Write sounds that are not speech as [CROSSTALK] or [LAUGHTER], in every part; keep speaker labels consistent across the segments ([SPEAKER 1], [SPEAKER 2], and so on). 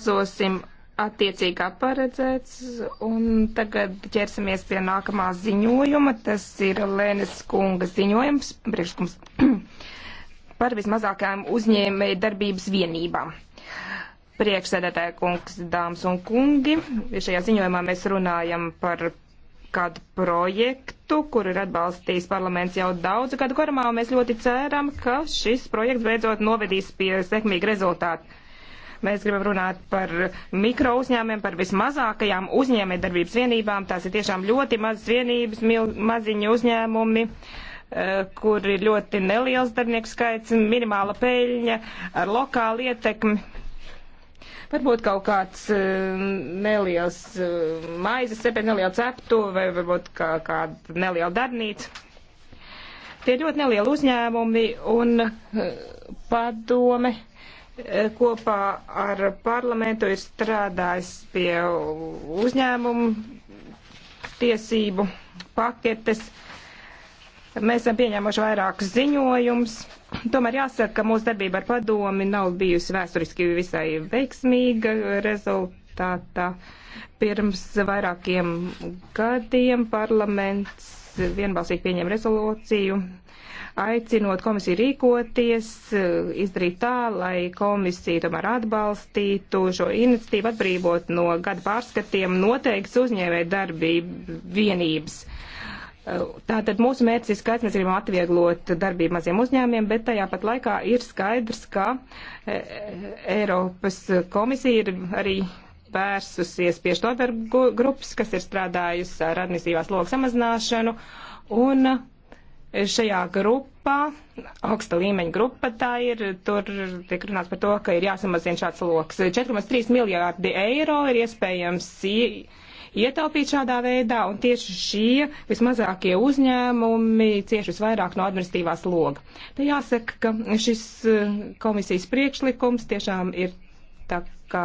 [SPEAKER 1] balsosim attiecīgi kā paredzēts, un tagad ķersimies pie nākamā ziņojuma. Tas ir Lēnes kunga ziņojums, priekšlikums [CLEARS THROAT] par vismazākajām uzņēmēju darbības vienībām. Priekšsēdētāja kungs, dāmas un kungi, šajā ziņojumā mēs runājam par kādu projektu, kur ir atbalstījis parlaments jau daudzu gadu garumā, un mēs ļoti ceram, ka šis projekts beidzot novedīs pie sekmīga rezultāta Mēs gribam runāt par mikro uzņēmumiem, par vismazākajām uzņēmējdarbības vienībām. Tās ir tiešām ļoti mazas vienības, mil, maziņi uzņēmumi eh, kur ir ļoti neliels darbinieku skaits, minimāla peļņa ar lokālu ietekmi. Varbūt kaut kāds eh, neliels eh, maizes cepēt, neliela ceptuve vai varbūt kā, kāda neliela darbnīca tie ir ļoti nelieli uzņēmumi un padome kopā ar parlamentu ir strādājis pie uzņēmumu tiesību paketes. Mēs esam pieņēmuši vairākus ziņojumus. Tomēr jāsaka, ka mūsu darbība ar padomi nav bijusi vēsturiski visai veiksmīga rezultātā. Pirms vairākiem gadiem parlaments vienbalsīgi pieņēma rezolūciju aicinot komisiju rīkoties, eh, izdarīt tā, lai komisija tomēr atbalstītu šo iniciatīvu, atbrīvot no gada pārskatiem noteikts uzņēmē darbību vienības. Eh, tātad mūsu mērķis ir skaidrs, mēs gribam atvieglot darbību maziem uzņēmiem, bet tajā pat laikā ir skaidrs, ka eh, Eiropas komisija ir arī vērsusies pie štodarbu grupas, kas ir strādājusi ar administrīvās logu samazināšanu, un šajā grupā, augsta līmeņa grupa tā ir, tur tiek runāts par to, ka ir jāsamazina šāds loks. 4,3 miljārdi eiro ir iespējams ietaupīt šādā veidā, un tieši šie vismazākie uzņēmumi cieši visvairāk no administratīvās loga. Te jāsaka, ka šis e, komisijas priekšlikums tiešām ir tā kā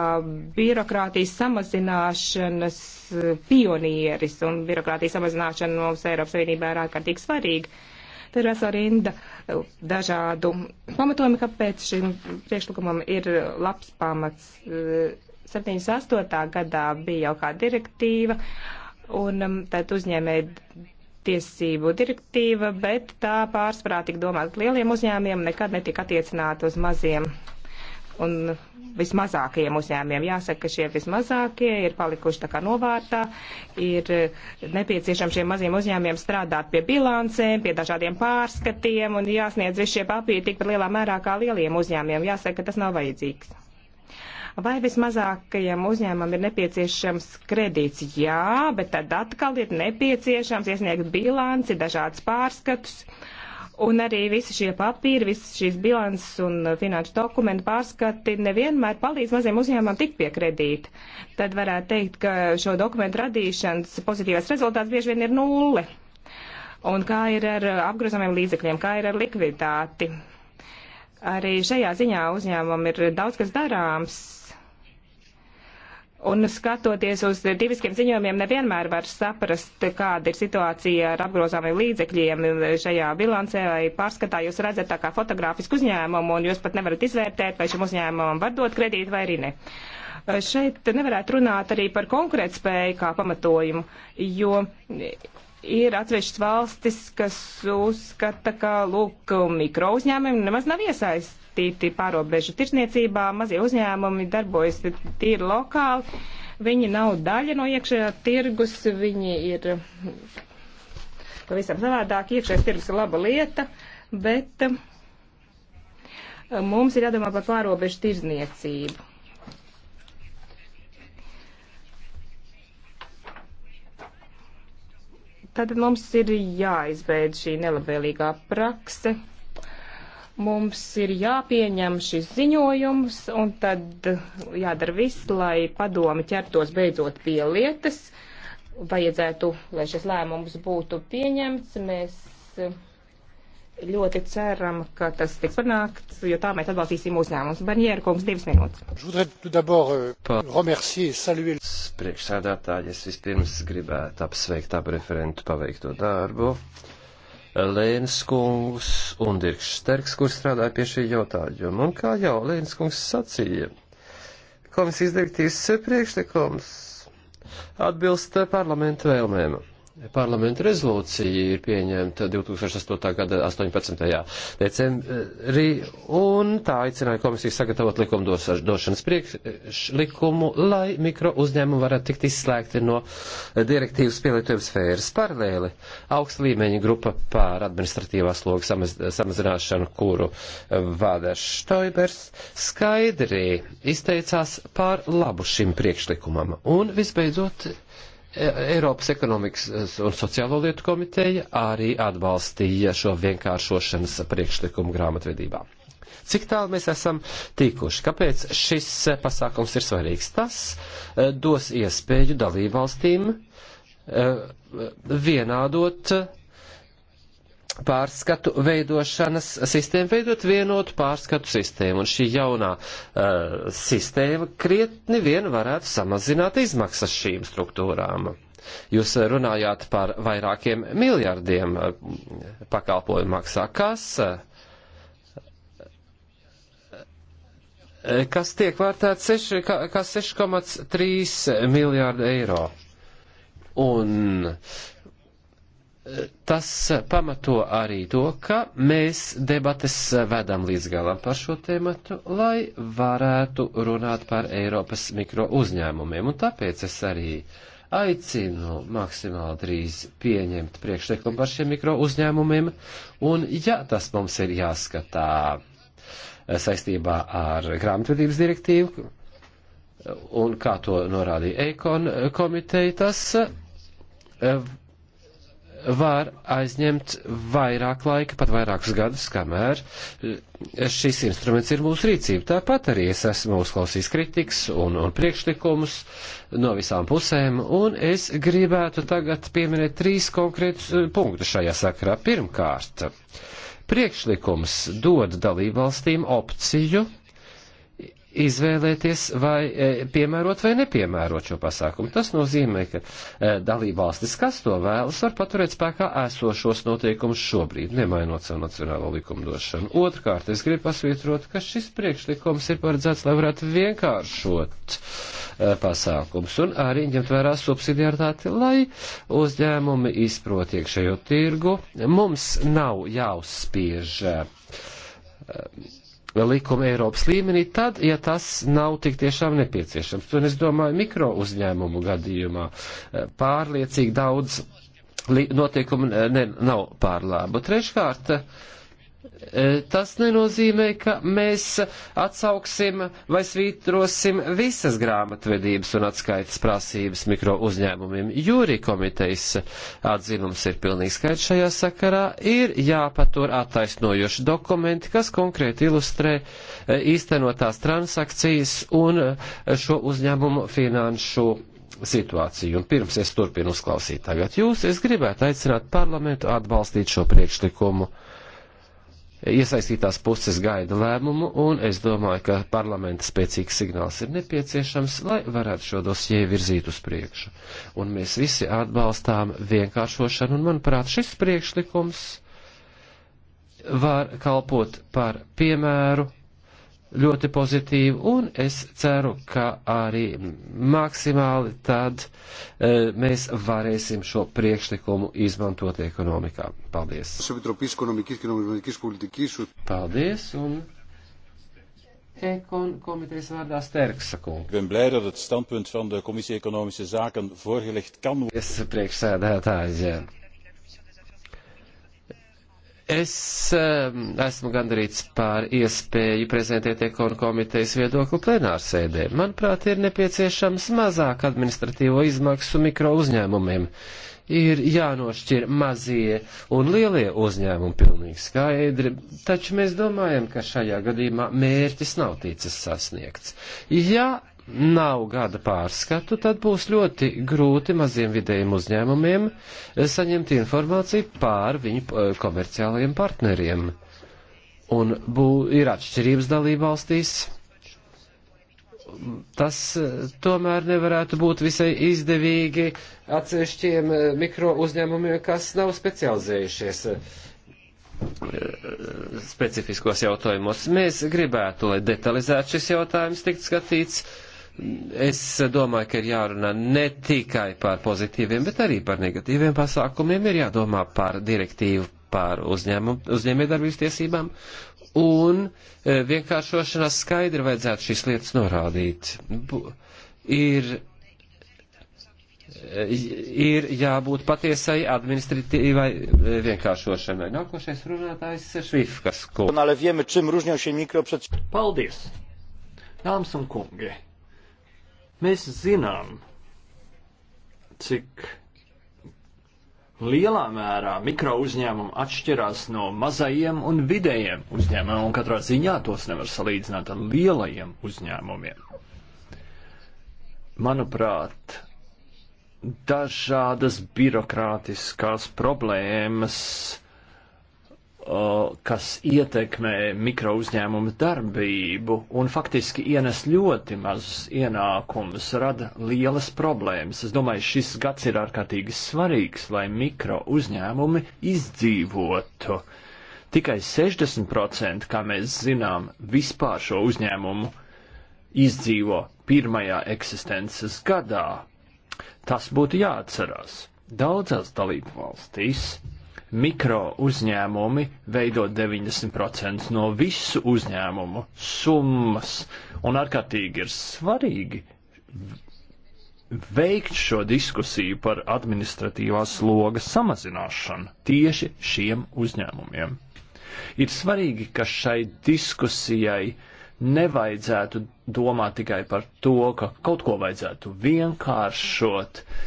[SPEAKER 1] birokrātijas samazināšanas e, pionieris, un birokrātijas samazināšana mums Eiropas Savienībā ir ārkārtīgi svarīga Te ir vesela rinda eh, dažādu pamatojumu, kāpēc šim priekšlikumam ir labs pamats. 78. Eh, gadā bija jau kā direktīva, un mm, tad uzņēmēja tiesību direktīva, bet tā pārsvarā tik domāt lieliem uzņēmiem, nekad netika attiecināta uz maziem un vismazākajiem uzņēmiem. Jāsaka, ka šie vismazākie ir palikuši tā kā novārtā, ir nepieciešams šiem maziem uzņēmiem strādāt pie bilancēm, pie dažādiem pārskatiem un jāsniedz visi šie papīri tikpat lielā mērā kā lieliem uzņēmiem. Jāsaka, ka tas nav vajadzīgs. Vai vismazākajam uzņēmumam ir nepieciešams kredīts? Jā, bet tad atkal ir nepieciešams iesniegt bilanci, dažādas pārskatus. Uh, Un arī visi šie papīri, visas šīs bilances un uh, finanšu dokumentu pārskati nevienmēr palīdz maziem uzņēmumam tikt pie kredīta. Tad varētu teikt, ka šo dokumentu radīšanas pozitīvais rezultāts bieži vien ir nulle. Un kā ir ar uh, apgrozāmiem līdzekļiem, kā ir ar likviditāti? Arī šajā ziņā uzņēmumam ir daudz kas darāms, Un skatoties uz tipiskiem ziņojumiem, nevienmēr var saprast, kāda ir situācija ar apgrozāmiem līdzekļiem šajā bilancē vai pārskatā. Jūs redzat tā kā fotogrāfisku uzņēmumu, un jūs pat nevarat izvērtēt, vai šim uzņēmumam var dot kredītu vai arī ne. Šeit nevarētu runāt arī par konkurētspēju kā pamatojumu, jo ir atsevišķas valstis, kas uzskata, ka, lūk, mikro uzņēmumi nemaz nav iesaistīti pārobežu tirsniecībā, mazie uzņēmumi darbojas tīri lokāli, viņi nav daļa no iekšējā tirgus, viņi ir pavisam savādāk, iekšējais tirgus ir laba lieta, bet eh, mums ir jādomā par pārobežu tirzniecību Tad mums ir jāizbeidz šī nelabvēlīgā prakse. Mums ir jāpieņem šis ziņojums un tad jādara viss, lai padomi ķertos beidzot pie lietas. Vajadzētu, lai šis lēmums būtu pieņemts. Mēs ļoti ceram, ka tas tiks panākts, jo tā mēs atbalstīsim uzņēmumus. Barņēra kungs, divas minūtes.
[SPEAKER 2] Euh, Priekšsēdētāji, es vispirms gribētu apsveikt abu referentu paveikto darbu. Lēns kungs un Dirks Šterks, kur strādāja pie šī jautājuma. Un kā jau Lēns kungs sacīja, komisijas direktīvas priekšlikums atbilst parlamenta vēlmēm parlamenta rezolūcija ir pieņemta 2008. gada 18. decembrī, un tā aicināja komisiju sagatavot likumdošanas priekšlikumu, lai mikro uzņēmumi varētu tikt izslēgti no direktīvas pielietojuma sfēras. Paralēli augsta līmeņa grupa pār administratīvās logas samaz, samazināšanu, kuru vada Štoibers, skaidri izteicās pār labu šim priekšlikumam. Un visbeidzot, E, Eiropas ekonomikas e, un sociālo lietu komiteja arī atbalstīja šo vienkāršošanas priekšlikumu grāmatvedībā. Cik tālu mēs esam tikuši? Kāpēc šis e, pasākums ir svarīgs? Tas dos iespēju dalībvalstīm vienādot pārskatu veidošanas sistēmu, veidot vienotu pārskatu sistēmu. Un šī jaunā uh, sistēma krietni vien varētu samazināt izmaksas šīm struktūrām. Jūs runājāt par vairākiem miljardiem uh, pakalpojumu maksā, kas, uh, kas tiek vērtēts 6,3 miljārdu eiro. Un uh, tas pamato arī to, ka mēs debates vedam līdz galam par šo tēmatu, lai varētu runāt par Eiropas mikro uzņēmumiem. Un tāpēc es arī aicinu maksimāli drīz pieņemt priekšlikumu par šiem mikro uzņēmumiem. Un ja tas mums ir jāskatā saistībā ar grāmatvedības direktīvu, un kā to norādīja Eikon komiteja, tas eh, var aizņemt vairāk laika, pat vairākus gadus, kamēr eh, šis instruments ir mūsu rīcība. Tāpat arī es esmu uzklausījis kritikas un, un priekšlikumus no visām pusēm, un es gribētu tagad pieminēt trīs konkrētus eh, punktus šajā sakarā. Pirmkārt, priekšlikums dod dalībvalstīm opciju izvēlēties, vai e, piemērot vai nepiemērot šo pasākumu. Tas nozīmē, ka e, dalībvalstis, kas to vēlas, var paturēt spēkā esošos noteikumus šobrīd, nemainot savu nacionālo likumdošanu. Otrkārt, es gribu pasvītrot, ka šis priekšlikums ir paredzēts, lai varētu vienkāršot e, pasākums un arī ņemt vērā subsidiaritāti, lai uzņēmumi izprot iekšējo tirgu. Mums nav jāuzspiež likuma Eiropas līmenī, tad, ja tas nav tik tiešām nepieciešams. Un es domāju, mikro uzņēmumu gadījumā eh, pārliecīgi daudz notiekumu ne, nav pārlābu. Treškārt, uh, E, tas nenozīmē, ka mēs atsauksim vai svītrosim visas grāmatvedības un atskaites prasības mikro uzņēmumiem. Jūri komitejas atzinums ir pilnīgi skaidrs šajā sakarā. Ir jāpatur attaisnojoši dokumenti, kas konkrēti ilustrē e, īstenotās transakcijas un e, šo uzņēmumu finanšu situāciju. Un pirms es turpinu uzklausīt tagad jūs, es gribētu aicināt parlamentu atbalstīt šo priekšlikumu Iesaistītās puses gaida lēmumu, un es domāju, ka parlamenta spēcīgs signāls ir nepieciešams, lai varētu šo dosie virzīt uz priekšu. Un mēs visi atbalstām vienkāršošanu, un manuprāt, šis priekšlikums var kalpot par piemēru ļoti pozitīvi, un es ceru, ka arī maksimāli tad e, mēs varēsim šo priekšlikumu izmantot ekonomikā. Paldies! Paldies! Un... Econ comitees vārdā Sterksa kungs.
[SPEAKER 3] Ik ben blij dat het standpunt van de Commissie Economische Zaken voorgelegd kan worden. Yes,
[SPEAKER 2] priekšsēdētājs, jā. Ja. Es ehm, esmu gandarīts par iespēju prezentēt ekonu komitejas viedokli plenārsēdē. Manuprāt, ir nepieciešams mazāk administratīvo izmaksu mikro uzņēmumiem. Ir jānošķir mazie un lielie uzņēmumi pilnīgi skaidri, taču mēs domājam, ka šajā gadījumā mērķis nav ticis sasniegts. Ja nav gada pārskatu, tad būs ļoti grūti maziem vidējiem uzņēmumiem eh, saņemt informāciju pār viņu eh, komerciālajiem partneriem. Un bū, ir atšķirības dalībvalstīs. Tas eh, tomēr nevarētu būt visai izdevīgi atsevišķiem mikro uzņēmumiem, kas nav specializējušies specifiskos jautājumos. Mēs gribētu, lai detalizētu šis jautājums tikt skatīts Es domāju, ka ir jārunā ne tikai par pozitīviem, bet arī par negatīviem pasākumiem, ir jādomā par direktīvu par uzņēmējdarbības tiesībām, un e, vienkāršošanās skaidri vajadzētu šīs lietas norādīt. Bu, ir e, ir jābūt patiesai administratīvai e, vienkāršošanai. Nākošais runātājs ir Švifkas kungs. Paldies!
[SPEAKER 4] Dāmas un kungi! Mēs zinām, cik lielā mērā mikro uzņēmumi atšķirās no mazajiem un vidējiem uzņēmumiem, un katrā ziņā tos nevar salīdzināt ar lielajiem uzņēmumiem. Manuprāt, dažādas birokrātiskās problēmas kas ietekmē mikrouzņēmumu darbību un faktiski ienes ļoti mazus ienākumus, rada lielas problēmas. Es domāju, šis gads ir ārkārtīgi svarīgs, lai mikrouzņēmumi izdzīvotu. Tikai 60%, kā mēs zinām, vispār šo uzņēmumu izdzīvo pirmajā eksistences gadā. Tas būtu jāatcerās. Daudzās dalību valstīs mikro uzņēmumi veido 90% no visu uzņēmumu summas, un ārkārtīgi ir svarīgi veikt šo diskusiju par administratīvās slogas samazināšanu tieši šiem uzņēmumiem. Ir svarīgi, ka šai diskusijai nevajadzētu domāt tikai par to, ka kaut ko vajadzētu vienkāršot, uh,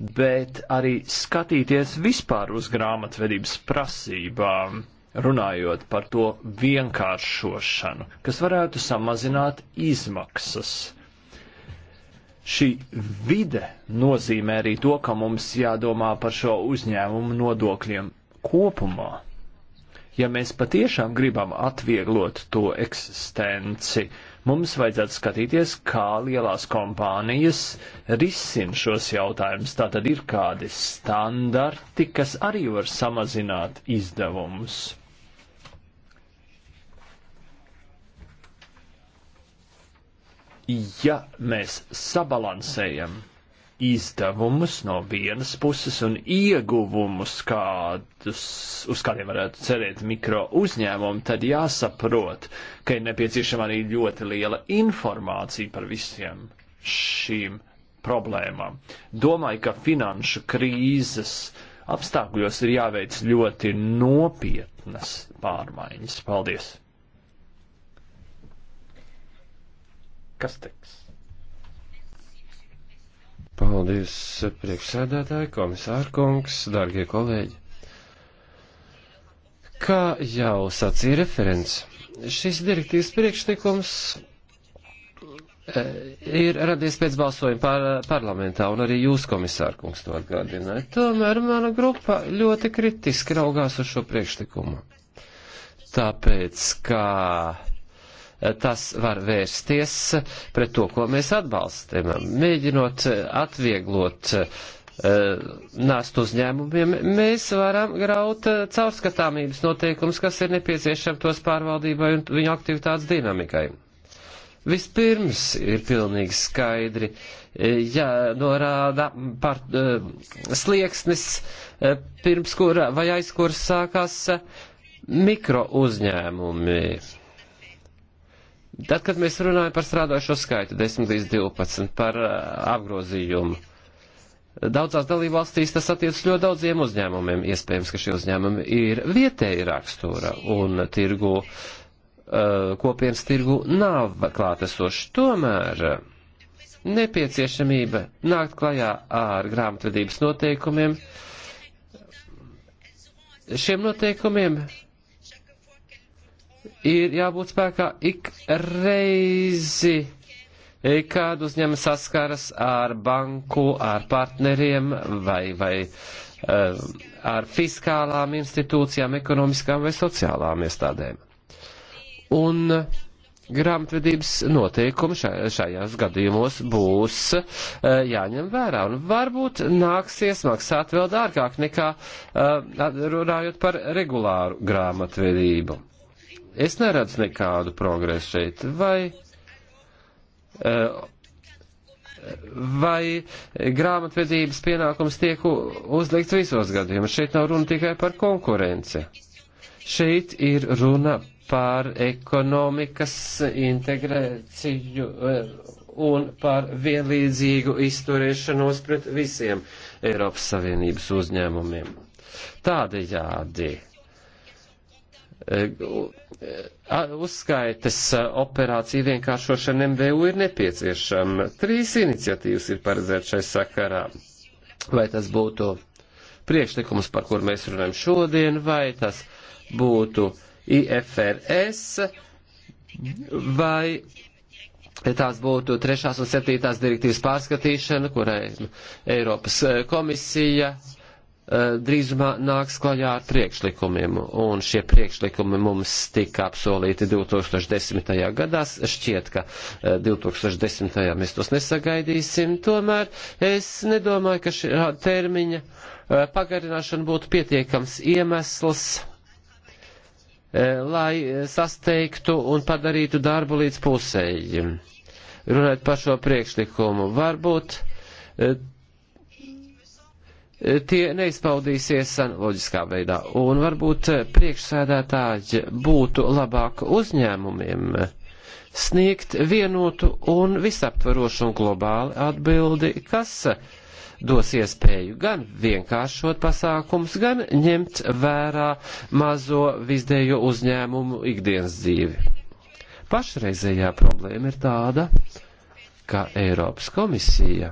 [SPEAKER 4] bet arī skatīties vispār uz grāmatvedības prasībām, runājot par to vienkāršošanu, kas varētu samazināt izmaksas. Šī vide nozīmē arī to, ka mums jādomā par šo uzņēmumu nodokļiem kopumā. Ja mēs patiešām gribam atvieglot to eksistenci, uh, Mums vajadzētu skatīties, kā lielās kompānijas risina šos jautājumus. Tātad ir kādi standarti, kas arī var samazināt izdevumus. Ja mēs sabalansējam izdevumus no vienas puses un ieguvumus, kādus, uz kādiem varētu cerēt mikro uzņēmumi, tad jāsaprot, ka ir nepieciešama arī ļoti liela informācija par visiem šīm problēmām. Domāju, ka finanšu krīzes apstākļos ir jāveic ļoti nopietnas pārmaiņas. Paldies!
[SPEAKER 2] Kas teiks? Paldies, priekšsēdētāji, komisārkungs, dārgie kolēģi. Kā jau sacīja referents, šis direktīvas priekšlikums e, ir radies pēc balsojuma par, parlamentā, un arī jūs, komisārkungs, to atgādināja. Tomēr mana grupa ļoti kritiski raugās uz šo priekšlikumu. Tāpēc, kā tas var vērsties pret to, ko mēs atbalstam, mēģinot atvieglot eh, nāst uzņēmumiem, mēs varam graut eh, caurskatāmības noteikums, kas ir nepieciešams tos pārvaldībai un viņu aktivitātes dinamikai. Vispirms ir pilnīgi skaidri eh, jānorāda ja par uh, slieksnis, uh, pirms kura vai aiz kuras sākās uh, mikro uzņēmumi Tad, kad mēs runājam par strādājušo skaitu 10 līdz 12, par uh, apgrozījumu, daudzās dalībvalstīs tas attiec ļoti daudziem uzņēmumiem. Iespējams, ka šie uzņēmumi ir vietēji rakstura un tirgu, uh, kopienas tirgu nav klātesoši. Tomēr nepieciešamība nākt klajā ar grāmatvedības noteikumiem. Šiem noteikumiem ir jābūt spēkā ik reizi, kad uzņēma saskaras ar banku, ar partneriem vai, vai eh, ar fiskālām institūcijām, ekonomiskām vai sociālām iestādēm. Un grāmatvedības noteikumi šajās gadījumos būs eh, jāņem vērā. Un varbūt nāksies maksāt vēl dārgāk nekā eh, runājot par regulāru grāmatvedību. Es neredzu nekādu progresu šeit. Vai, eh, vai grāmatvedības pienākums tiek uzlikts visos gadījumos? Šeit nav runa tikai par konkurenci. Šeit ir runa par ekonomikas integrāciju eh, un par vienlīdzīgu izturēšanos pret visiem Eiropas Savienības uzņēmumiem. Tādējādi Eh, eh, uzskaites eh, operāciju vienkāršošana MVU ir nepieciešama. Trīs iniciatīvas ir paredzētas šai sakarā. Vai tas būtu priekšlikums, par kur mēs runājam šodien, vai tas būtu IFRS, vai tās būtu trešās un septītās direktīvas pārskatīšana, kurai Eiropas komisija uh, Eh, drīzumā nāks klajā ar priekšlikumiem, un šie priekšlikumi mums tika apsolīti 2010. gadās. Šķiet, ka 2010. Eh, mēs tos nesagaidīsim, tomēr es nedomāju, ka šī termiņa eh, pagarināšana būtu pietiekams iemesls lai sasteigtu un padarītu darbu līdz pusēji. Runājot par šo priekšlikumu, varbūt tie neizpaudīsies analoģiskā veidā. Un varbūt priekšsēdētāji būtu labāk uzņēmumiem sniegt vienotu un visaptvarošu un globāli atbildi, kas dos iespēju gan vienkāršot pasākums, gan ņemt vērā mazo vizdējo uzņēmumu ikdienas dzīvi. Pašreizējā problēma ir tāda, ka Eiropas komisija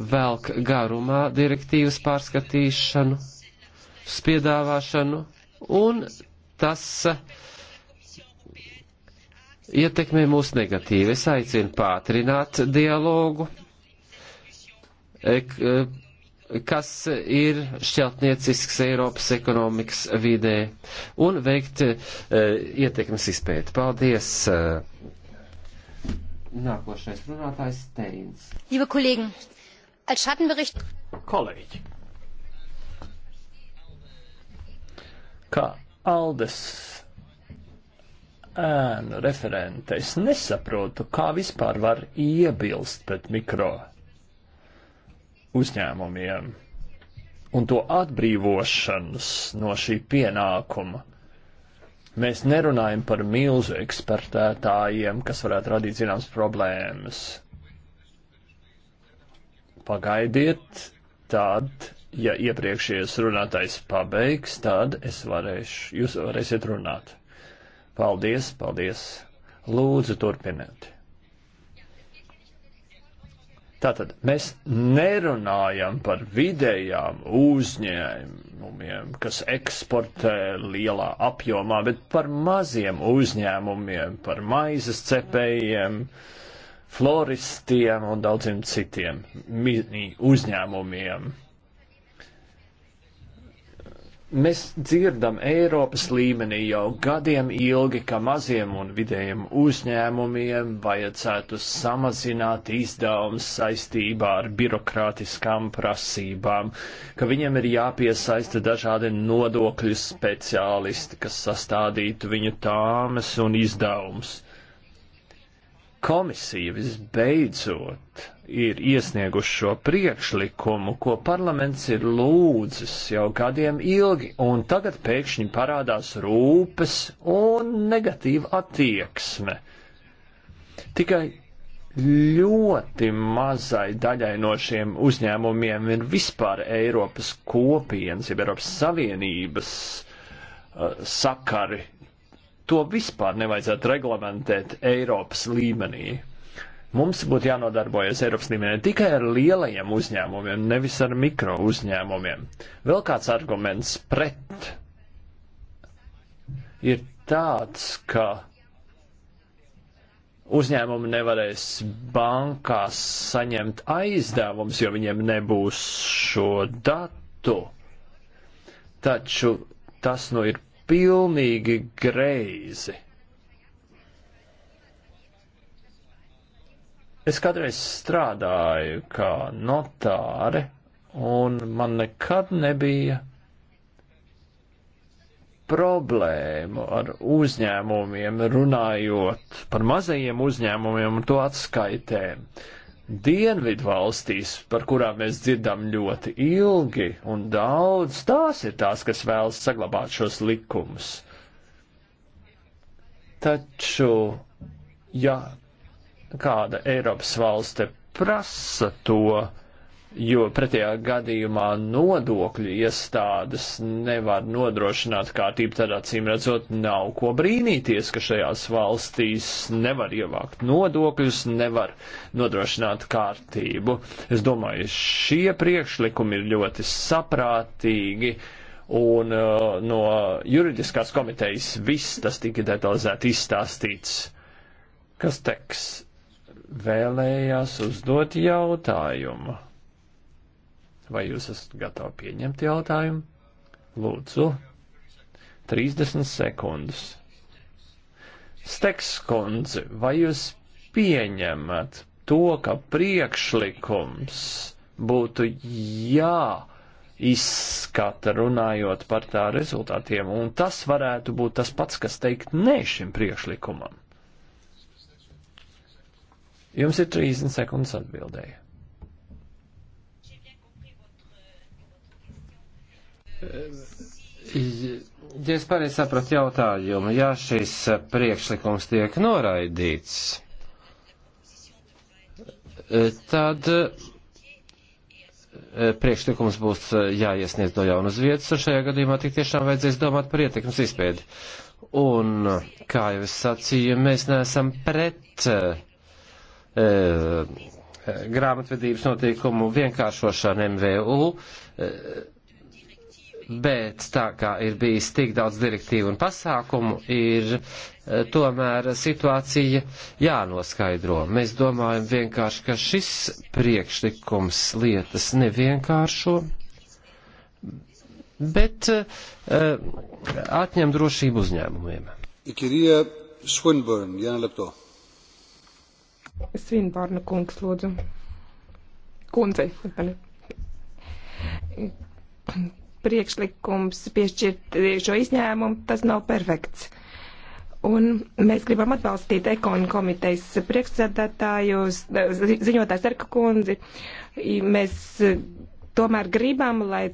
[SPEAKER 2] velk garumā direktīvas pārskatīšanu, spiedāvāšanu, un tas uh, ietekmē mūs negatīvi. Es aicinu pātrināt dialogu, uh, kas ir šķeltniecisks Eiropas ekonomikas vidē, un veikt uh, ietekmes izpēti. Paldies! Nākošais runātājs Steins.
[SPEAKER 3] Liebe Kollegen, Als Schattenbericht. Kolēģi.
[SPEAKER 4] Kā Aldes ēnu referente, es nesaprotu, kā vispār var iebilst pret mikro uzņēmumiem un to atbrīvošanas no šī pienākuma. Mēs nerunājam par milzu ekspertētājiem, kas varētu radīt zināmas problēmas pagaidiet, tad, ja iepriekšējais runātais pabeigs, tad es varēšu, jūs varēsiet runāt. Paldies, paldies. Lūdzu, turpiniet. Tātad mēs nerunājam par vidējām uzņēmumiem, kas eksportē lielā apjomā, bet par maziem uzņēmumiem, par maizes cepējiem. Mm floristiem un daudziem citiem mini uzņēmumiem. Mēs dzirdam Eiropas līmenī jau gadiem ilgi, ka maziem un vidējiem uzņēmumiem vajadzētu samazināt izdevumus saistībā ar birokrātiskām prasībām, ka viņiem ir jāpiesaista dažādi nodokļu speciālisti, kas sastādītu viņu tāmas un izdevumus komisija visbeidzot ir iesnieguši šo priekšlikumu, ko parlaments ir lūdzis jau gadiem ilgi, un tagad pēkšņi parādās rūpes un negatīva attieksme. Tikai ļoti mazai daļai no šiem uzņēmumiem ir vispār Eiropas kopienas, jeb Eiropas Savienības uh, sakari to vispār nevajadzētu reglamentēt Eiropas līmenī. Mums būtu jānodarbojas Eiropas līmenī tikai ar lielajiem uzņēmumiem, nevis ar mikro uzņēmumiem. Vēl kāds arguments pret ir tāds, ka uzņēmumi nevarēs bankās saņemt aizdevumus, jo viņiem nebūs šo datu. Taču tas nu ir pilnīgi greizi. Es kādreiz strādāju kā notāre, un man nekad nebija problēmu ar uzņēmumiem, runājot par mazajiem uzņēmumiem un to atskaitēm. Uh, dienvidu valstīs, par kurām mēs dzirdam ļoti ilgi un daudz, tās ir tās, kas vēlas saglabāt šos likumus. Taču, ja kāda Eiropas valste prasa to, jo pretējā gadījumā nodokļu iestādes nevar nodrošināt kārtību, tad acīm redzot nav ko brīnīties, ka šajās valstīs nevar ievākt nodokļus, nevar nodrošināt kārtību. Es domāju, šie priekšlikumi ir ļoti saprātīgi. Un uh, no juridiskās komitejas viss tas tika detalizēti izstāstīts. Kas teks vēlējās uzdot jautājumu? Vai jūs esat gatavi pieņemt jautājumu? Lūdzu, 30 sekundes. Steks kundze, vai jūs pieņemat to, ka priekšlikums būtu jā izskata runājot par tā rezultātiem, un tas varētu būt tas pats, kas teikt nē šim priekšlikumam? Jums ir 30 sekundes atbildēja.
[SPEAKER 2] Ja es pareizi sapratu jautājumu, ja šis priekšlikums tiek noraidīts, tad eh, priekšlikums būs jāiesniedz no jaunas vietas, un šajā gadījumā tik tiešām vajadzēs domāt par ietekmes izpēdi. Un, kā jau es sacīju, mēs neesam pret e, grāmatvedības notiekumu vienkāršošanu MVU. E, bet tā kā ir bijis tik daudz direktīvu un pasākumu, ir eh, tomēr situācija jānoskaidro. Mēs domājam vienkārši, ka šis priekšlikums lietas nevienkāršo, bet uh, atņem drošību uzņēmumiem.
[SPEAKER 3] Ikirija Svinburn, Jāna Lepto.
[SPEAKER 1] Svinburna kungs, lūdzu. Kundze, atvainojiet priekšlikums piešķirt šo izņēmumu, tas nav perfekts. Un mēs gribam atbalstīt ekonu komitejas priekšsēdētāju, ziņotājs Erka kundzi. Mēs e, tomēr gribam, lai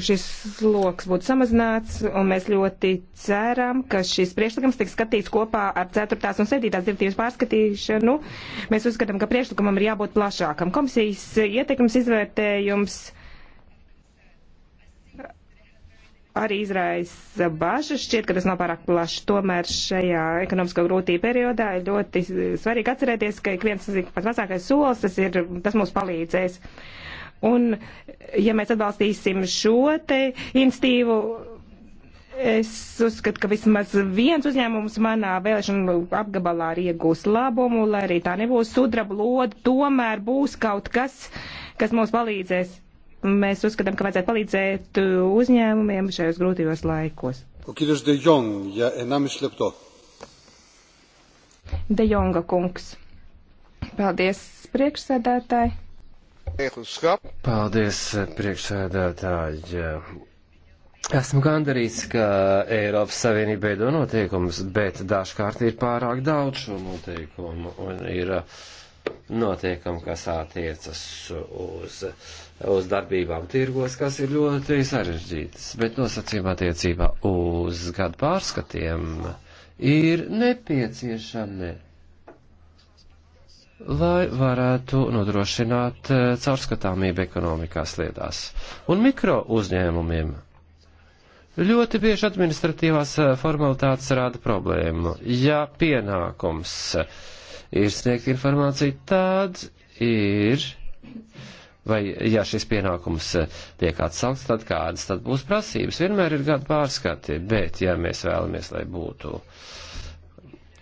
[SPEAKER 1] šis sloks būtu samazināts, un mēs ļoti ceram, ka šis priekšlikums tiks skatīts kopā ar 4. un 7. direktīvas pārskatīšanu. Mēs uzskatām, ka priekšlikumam ir jābūt plašākam. Komisijas ietekmes izvērtējums arī izraisa bažas, šķiet, ka tas nav pārāk plaši. Tomēr šajā ekonomiskā grūtība periodā ir ļoti svarīgi atcerēties, ka ik viens pats mazākais solis, tas, ir, tas mums palīdzēs. Un ja mēs atbalstīsim šo te institīvu, es uzskatu, ka vismaz viens uzņēmums manā vēlēšanu apgabalā arī iegūs labumu, lai arī tā nebūs sudraba loda, tomēr būs kaut kas, kas mums palīdzēs mēs uzskatām, ka vajadzētu palīdzēt uh, uzņēmumiem šajos grūtajos laikos.
[SPEAKER 3] De, Jong, ja
[SPEAKER 1] De Jonga kungs. Paldies, priekšsēdētāji.
[SPEAKER 2] Paldies, priekšsēdētāji. Esmu gandarīts, ka Eiropas Savienība veido noteikumus, bet dažkārt ir pārāk daudz šo noteikumu un ir uh, notiekam, kas attiecas uz, uz darbībām tirgos, kas ir ļoti sarežģītas, bet nosacījumā attiecībā uz gadu pārskatiem ir nepieciešami lai varētu nodrošināt eh, caurskatāmību ekonomikās lietās. Un mikro uzņēmumiem ļoti bieži administratīvās eh, formalitātes rada problēmu. Ja pienākums uh, ir sniegt informāciju, tad ir. Vai, ja šis pienākums eh, tiek atsaukts, tad kādas tad būs prasības? Vienmēr ir gadu pārskati, bet, ja mēs vēlamies, lai būtu,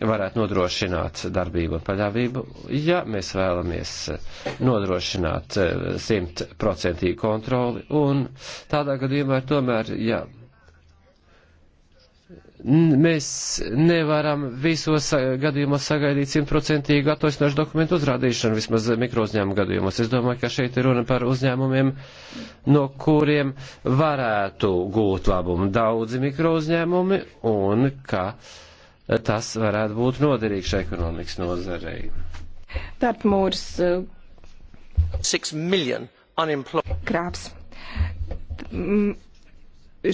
[SPEAKER 2] varētu nodrošināt darbību un paļāvību, ja mēs vēlamies eh, nodrošināt eh, simtprocentīgu kontroli, un tādā gadījumā tomēr, ja mēs nevaram visos gadījumos sagaidīt simtprocentīgu atosināšu dokumentu uzrādīšanu, vismaz mikrouzņēmumu gadījumos. Es domāju, ka šeit ir runa par uzņēmumiem, no kuriem varētu gūt labumu daudzi mikrouzņēmumi un ka tas varētu būt noderīgs ekonomikas nozarei.
[SPEAKER 1] Tartmūrs. Uh, Krāps.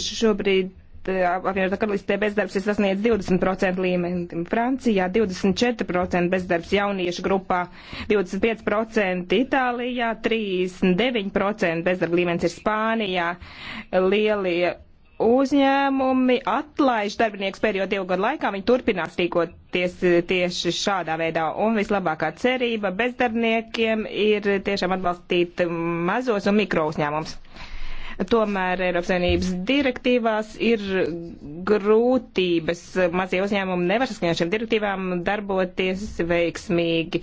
[SPEAKER 1] Šobrīd apvienotā karalistē bezdarbs ir sasniedz 20% līmeni, Francijā 24% bezdarbs jauniešu grupā, 25% Itālijā, 39% bezdarba līmenis ir Spānijā, lielie uzņēmumi atlaiž darbiniekus pēdējo divu gadu laikā, viņi turpinās rīkoties tieši šādā veidā. Un vislabākā cerība bezdarbniekiem ir tiešām atbalstīt mazos un mikro uzņēmumus. Tomēr Eiropas Savienības direktīvās ir grūtības. Mazie uzņēmumi nevar saskaņot šiem direktīvām darboties veiksmīgi.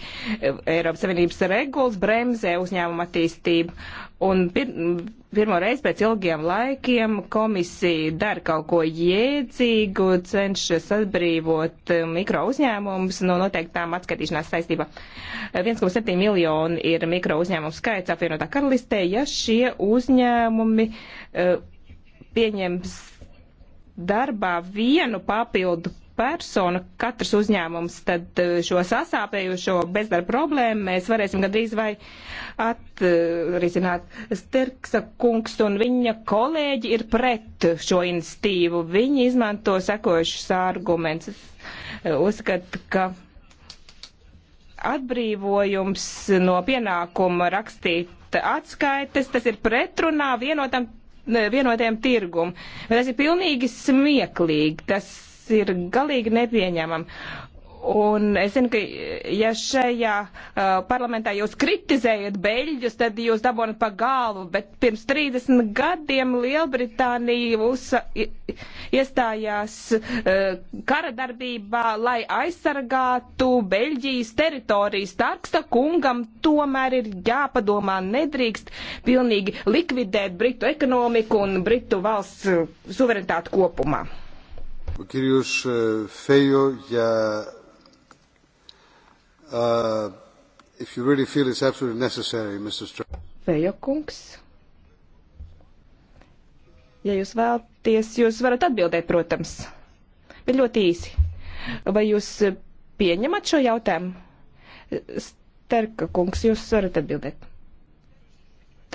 [SPEAKER 1] Eiropas Savienības regulas bremzē uzņēmumu attīstību. Un pir pirmo reizi pēc ilgiem laikiem komisija dara kaut ko jēdzīgu, cenšas atbrīvot uh, mikro uzņēmumus no noteiktām atskatīšanās saistībā. 1,7 uh, miljoni ir mikro uzņēmumu skaits apvienotā karalistē, ja šie uzņēmumi uh, pieņems darbā vienu papildu personu katrs uzņēmums, tad eh, šo sasāpējušo bezdarba problēmu mēs varēsim gandrīz vai atrisināt. Sterksa kungs un viņa kolēģi ir pret šo institīvu. Viņi izmanto sekojušas argumentus. Uzskat, ka atbrīvojums no pienākuma rakstīt atskaites, tas ir pretrunā vienotam vienotiem tirgumu. Tas ir pilnīgi smieklīgi. Tas ir galīgi nepieņemami. Un es zinu, ka ja šajā uh, parlamentā jūs kritizējat beļģus, tad jūs dabonat pa galvu, bet pirms 30 gadiem Lielbritānija usa, iestājās uh, kara darbībā, lai aizsargātu Beļģijas teritorijas. Starksta kungam tomēr ir jāpadomā, nedrīkst pilnīgi likvidēt Britu ekonomiku un Britu valsts suverenitāti kopumā.
[SPEAKER 3] Ο κύριος Φέιο για... Uh, if you really feel it's absolutely necessary,
[SPEAKER 1] Mr. Str Vējo kungs. Ja jūs vēlaties, jūs varat atbildēt, protams, bet ļoti īsi. Vai jūs pieņemat šo jautājumu? Sterka kungs, jūs varat atbildēt.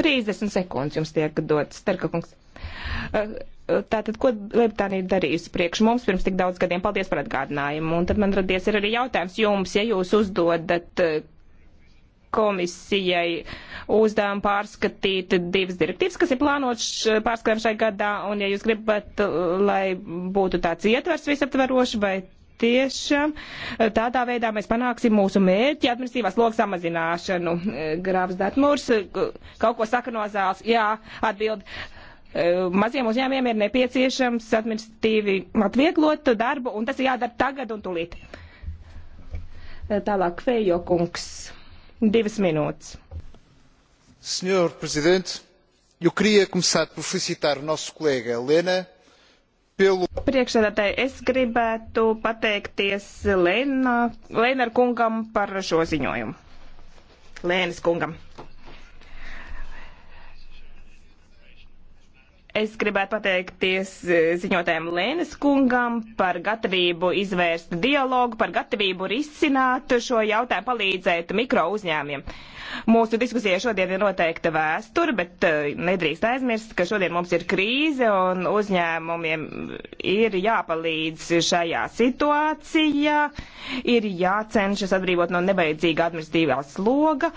[SPEAKER 1] 30 sekundes jums tiek dotas, Terka kungs. Eh, eh, tātad, ko Lielbritānija darījusi priekš mums pirms tik daudz gadiem? Paldies par atgādinājumu. Un tad man radies ir arī jautājums jums, ja jūs uzdodat eh, komisijai uzdevumu pārskatīt divas direktīvas, kas ir plānotas pārskatām šai gadā, un ja jūs gribat, lai būtu tāds ietvers visaptveroši, vai tiešām tādā veidā mēs panāksim mūsu mērķi administrīvās logas samazināšanu. E, Grāvs Datmūrs e, kaut ko saka no zāles. Jā, atbild. E, Maziem uzņēmiem ir nepieciešams administratīvi atvieglot darbu, un tas ir jādara tagad un tulīt. Tālāk, Fejo kungs, divas minūtes. Senhor Presidente, eu queria começar por felicitar o nosso colega Helena Priekšsēdētāji, es gribētu pateikties Lēna, Lēnar kungam par šo ziņojumu. Lēnas kungam. Es gribētu pateikties e, ziņotājiem Lēnes kungam par gatavību izvērst dialogu, par gatavību risināt šo jautājumu, palīdzēt mikro uzņēmiem. Mūsu diskusija šodien ir noteikta vēsture, bet e, nedrīkst aizmirst, ka šodien mums ir krīze un uzņēmumiem ir jāpalīdz šajā situācijā, ir jācenšas atbrīvot no nebeidzīga administratīvā sloga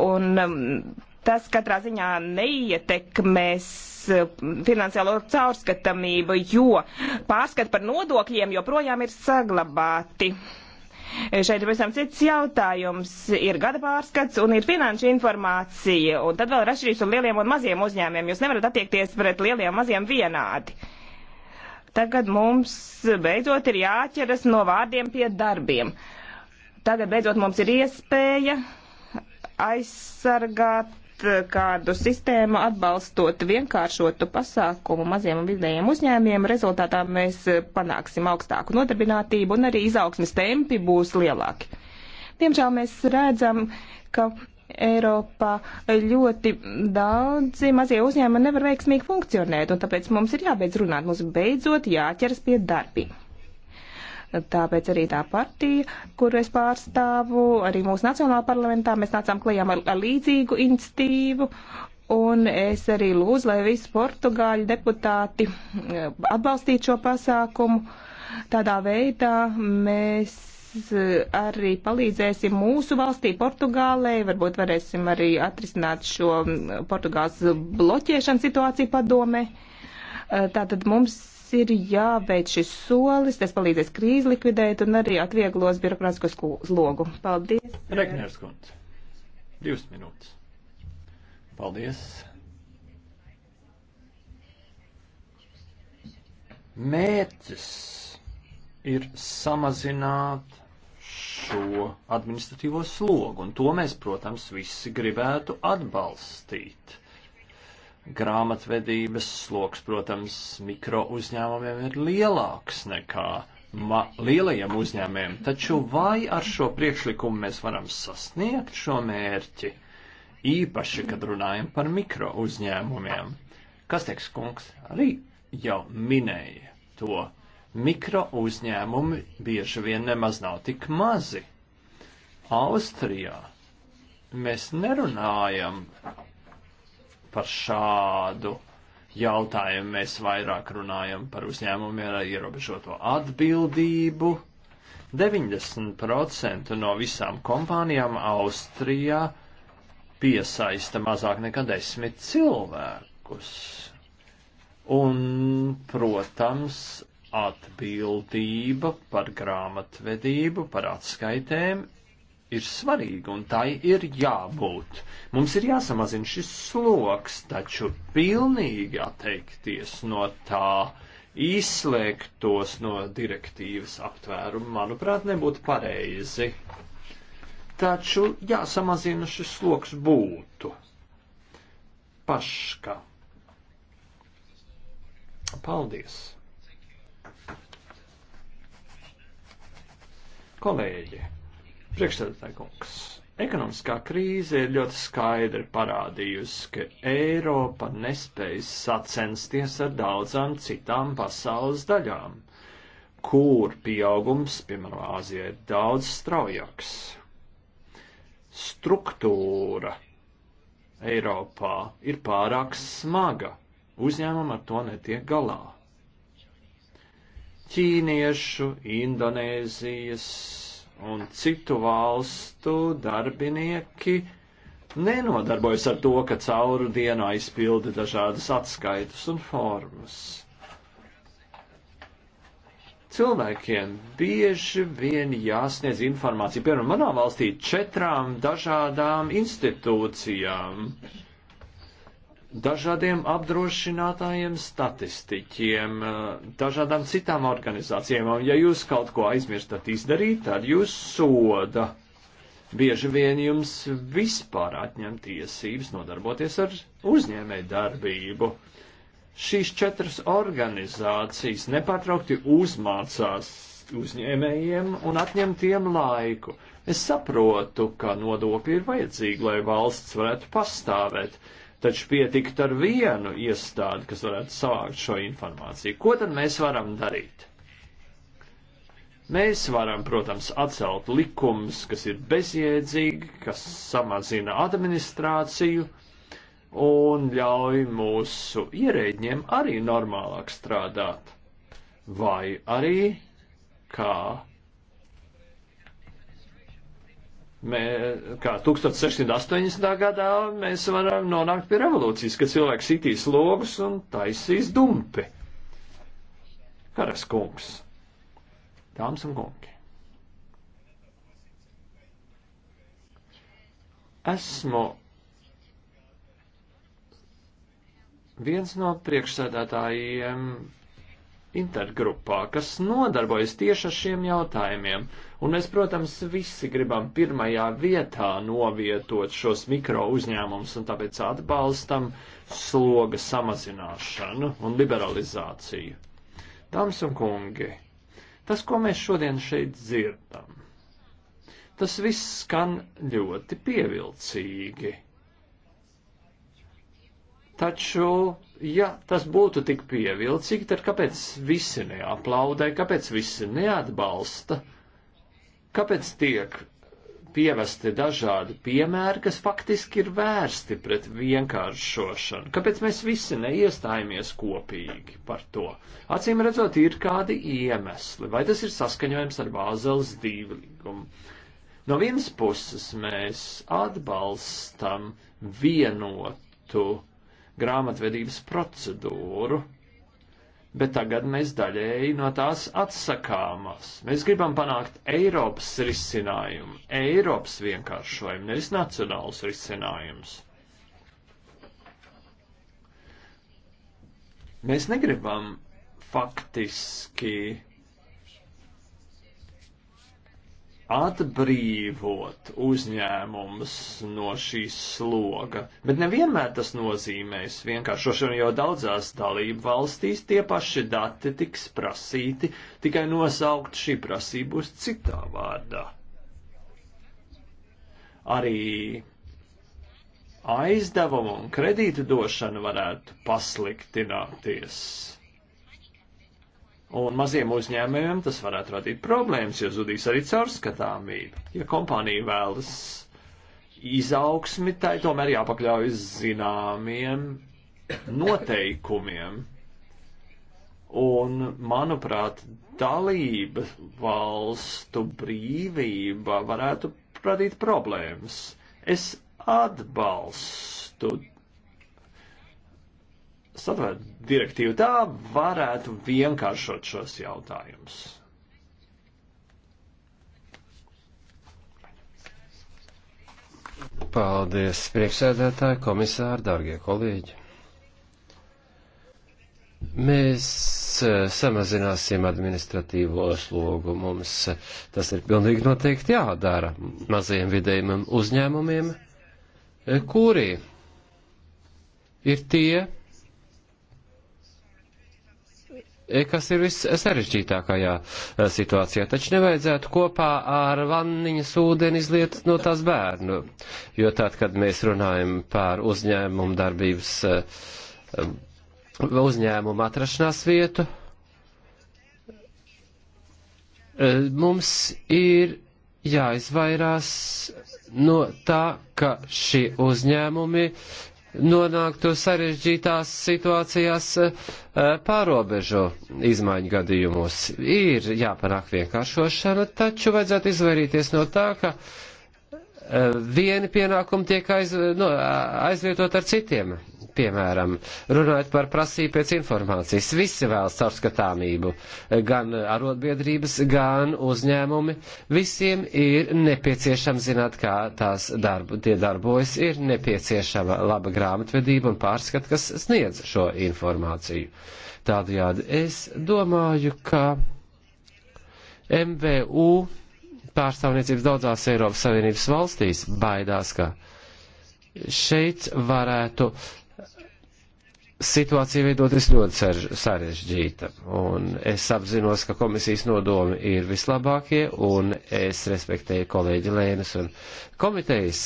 [SPEAKER 1] un tas katrā ziņā neietekmēs Eh, finansiālo caurskatamību, jo pārskat par nodokļiem joprojām ir saglabāti. Eh, šeit ir pavisam cits jautājums. Ir gada pārskats un ir finanšu informācija. Un tad vēl ir atšķirības un lieliem un maziem uzņēmiem. Jūs nevarat attiekties pret lieliem un maziem vienādi. Tagad mums beidzot ir jāķeras no vārdiem pie darbiem. Tagad beidzot mums ir iespēja aizsargāt Eh, kādu sistēmu atbalstot vienkāršotu pasākumu maziem un vidējiem uzņēmiem, rezultātā mēs eh, panāksim augstāku nodarbinātību un arī izaugsmes tempi būs lielāki. Diemžēl mēs redzam, ka Eiropā ļoti daudzi mazie uzņēmumi nevar veiksmīgi funkcionēt, un tāpēc mums ir jābeidz runāt, mums beidzot jāķeras pie darbiem. Tāpēc arī tā partija, kuru es pārstāvu, arī mūsu nacionālā parlamentā, mēs nācām klajām ar, ar līdzīgu institīvu. Un es arī lūdzu, lai visi portugāļu deputāti eh, atbalstītu šo pasākumu. Tādā veidā mēs eh, arī palīdzēsim mūsu valstī, Portugālei. Varbūt varēsim arī atrisināt šo mm, Portugāles bloķēšanu situāciju padome. Eh, tātad mums ir jābeidz šis solis, tas palīdzēs krīzi likvidēt un arī atvieglos birokrātisko slogu. Paldies.
[SPEAKER 4] Regners kundze, divas minūtes. Paldies. Mērķis ir samazināt šo administratīvo slogu, un to mēs, protams, visi gribētu atbalstīt grāmatvedības sloks, protams, mikro uzņēmumiem ir lielāks nekā lielajiem uzņēmumiem. Taču vai ar šo priekšlikumu mēs varam sasniegt šo mērķi, īpaši, kad runājam par mikro uzņēmumiem? Kas teiks kungs arī jau minēja to. Mikro uzņēmumi bieži vien nemaz nav tik mazi. Austrijā mēs nerunājam par šādu jautājumu. Mēs vairāk runājam par uzņēmumiem ar ierobežoto atbildību. 90% no visām kompānijām Austrijā piesaista mazāk nekā desmit cilvēkus. Un, protams, atbildība par grāmatvedību, par atskaitēm ir svarīga un tai ir jābūt. Mums ir jāsamazina šis sloks, taču pilnīgi atteikties no tā, izslēgtos no direktīvas aptvērumu, manuprāt, nebūtu pareizi. Taču jāsamazina šis sloks būtu. Paška. Paldies. Kolēģi. Priekšsēdētāji kungs, ekonomiskā krīze ir ļoti skaidri parādījusi, ka Eiropa nespēj sacensties ar daudzām citām pasaules daļām, kur pieaugums, piemēram, Āzijā ir daudz straujāks. Struktūra Eiropā ir pārāk smaga, uzņēmumi ar to netiek galā. Ķīniešu, Indonēzijas, un citu valstu darbinieki nenodarbojas ar to, ka cauru dienu aizpildi dažādas atskaitas un formas. Cilvēkiem bieži vien jāsniedz informācija, piemēram, manā valstī četrām dažādām institūcijām. Uh, dažādiem apdrošinātājiem, statistiķiem, eh, dažādām citām organizācijām. Un, ja jūs kaut ko aizmirstat izdarīt, tad jūs soda. Bieži vien jums vispār atņem tiesības nodarboties ar uzņēmēju darbību. Šīs četras organizācijas nepārtraukti uzmācās uzņēmējiem un atņem tiem laiku. Es saprotu, ka nodokļi ir vajadzīgi, lai valsts varētu pastāvēt, taču pietikt ar vienu iestādi, kas varētu savākt šo informāciju. Ko tad mēs varam darīt? Mēs varam, protams, atcelt likumus, kas ir bezjēdzīgi, kas samazina administrāciju un ļauj mūsu ierēģiem arī normālāk strādāt. Vai arī, kā Mē, kā 1680. gadā mēs varam nonākt pie revolūcijas, kad cilvēks sitīs logus un taisīs dumpi. Karas kungs, dāmas un kungi. Esmu viens no priekšsēdētājiem intergrupā, kas nodarbojas tieši ar šiem jautājumiem. Un mēs, protams, visi gribam pirmajā vietā novietot šos mikro uzņēmumus un tāpēc atbalstam sloga samazināšanu un liberalizāciju. Dāmas un kungi, tas, ko mēs šodien šeit dzirdam, tas viss skan ļoti pievilcīgi Taču, ja tas būtu tik pievilcīgi, tad kāpēc visi neaplaudē, kāpēc visi neatbalsta, kāpēc tiek pievesti dažādi piemēri, kas faktiski ir vērsti pret vienkāršošanu? Kāpēc mēs visi neiestājamies kopīgi par to? Acīm redzot, ir kādi iemesli, vai tas ir saskaņojums ar Bāzeles dīvlīgumu. No vienas puses mēs atbalstam vienotu grāmatvedības procedūru, bet tagad mēs daļēji no tās atsakāmas. Mēs gribam panākt Eiropas risinājumu, Eiropas vienkāršojumu, nevis nacionālus risinājumus. Mēs negribam faktiski atbrīvot uzņēmumus no šīs sloga, bet nevienmēr tas nozīmēs vienkāršošanu, jo daudzās dalību valstīs tie paši dati tiks prasīti, tikai nosaukt šī prasība uz citā vārdā. Arī aizdevumu un kredītu došana varētu pasliktināties Un maziem uzņēmējiem tas varētu radīt problēmas, jo zudīs arī caurskatāmība. Ja kompānija vēlas izaugsmi, tai tomēr jāpakļaujas zināmiem noteikumiem. Un, manuprāt, dalība valstu brīvība varētu radīt problēmas. Es atbalstu Satvērt direktīvu tā varētu vienkāršot šos jautājumus.
[SPEAKER 2] Paldies, priekšsēdētāji, komisāri, dārgie kolēģi. Mēs eh, samazināsim administratīvo slogu. Mums eh, tas ir pilnīgi noteikti jādara mazajiem vidējiem uzņēmumiem, eh, kuri ir tie, Eh, kas ir vissarežģītākajā eh, situācijā. Taču nevajadzētu kopā ar vanniņas ūdeni izliet no tās bērnu, jo tad, kad mēs runājam par uzņēmumu darbības, eh, uzņēmumu atrašanās vietu, mums ir jāizvairās no tā, ka šie uzņēmumi nonāktu sarežģītās situācijās eh, pārobežu izmaiņu gadījumos. Ir jāpanāk vienkāršošana, taču vajadzētu izvairīties no tā, ka eh, vieni pienākumi tiek aiz, no, aizvietot ar citiem piemēram, runājot par prasību pēc informācijas. Visi vēlas caurskatāmību, gan arotbiedrības, gan uzņēmumi. Visiem ir nepieciešams zināt, kā tās darbu, tie darbojas, ir nepieciešama laba grāmatvedība un pārskat, kas sniedz šo informāciju. Tādējādi es domāju, ka MVU pārstāvniecības daudzās Eiropas Savienības valstīs baidās, ka šeit varētu situācija veidoties ļoti sarežģīta, un es apzinos, ka komisijas nodomi ir vislabākie, un es respektēju kolēģi Lēnas un komitejas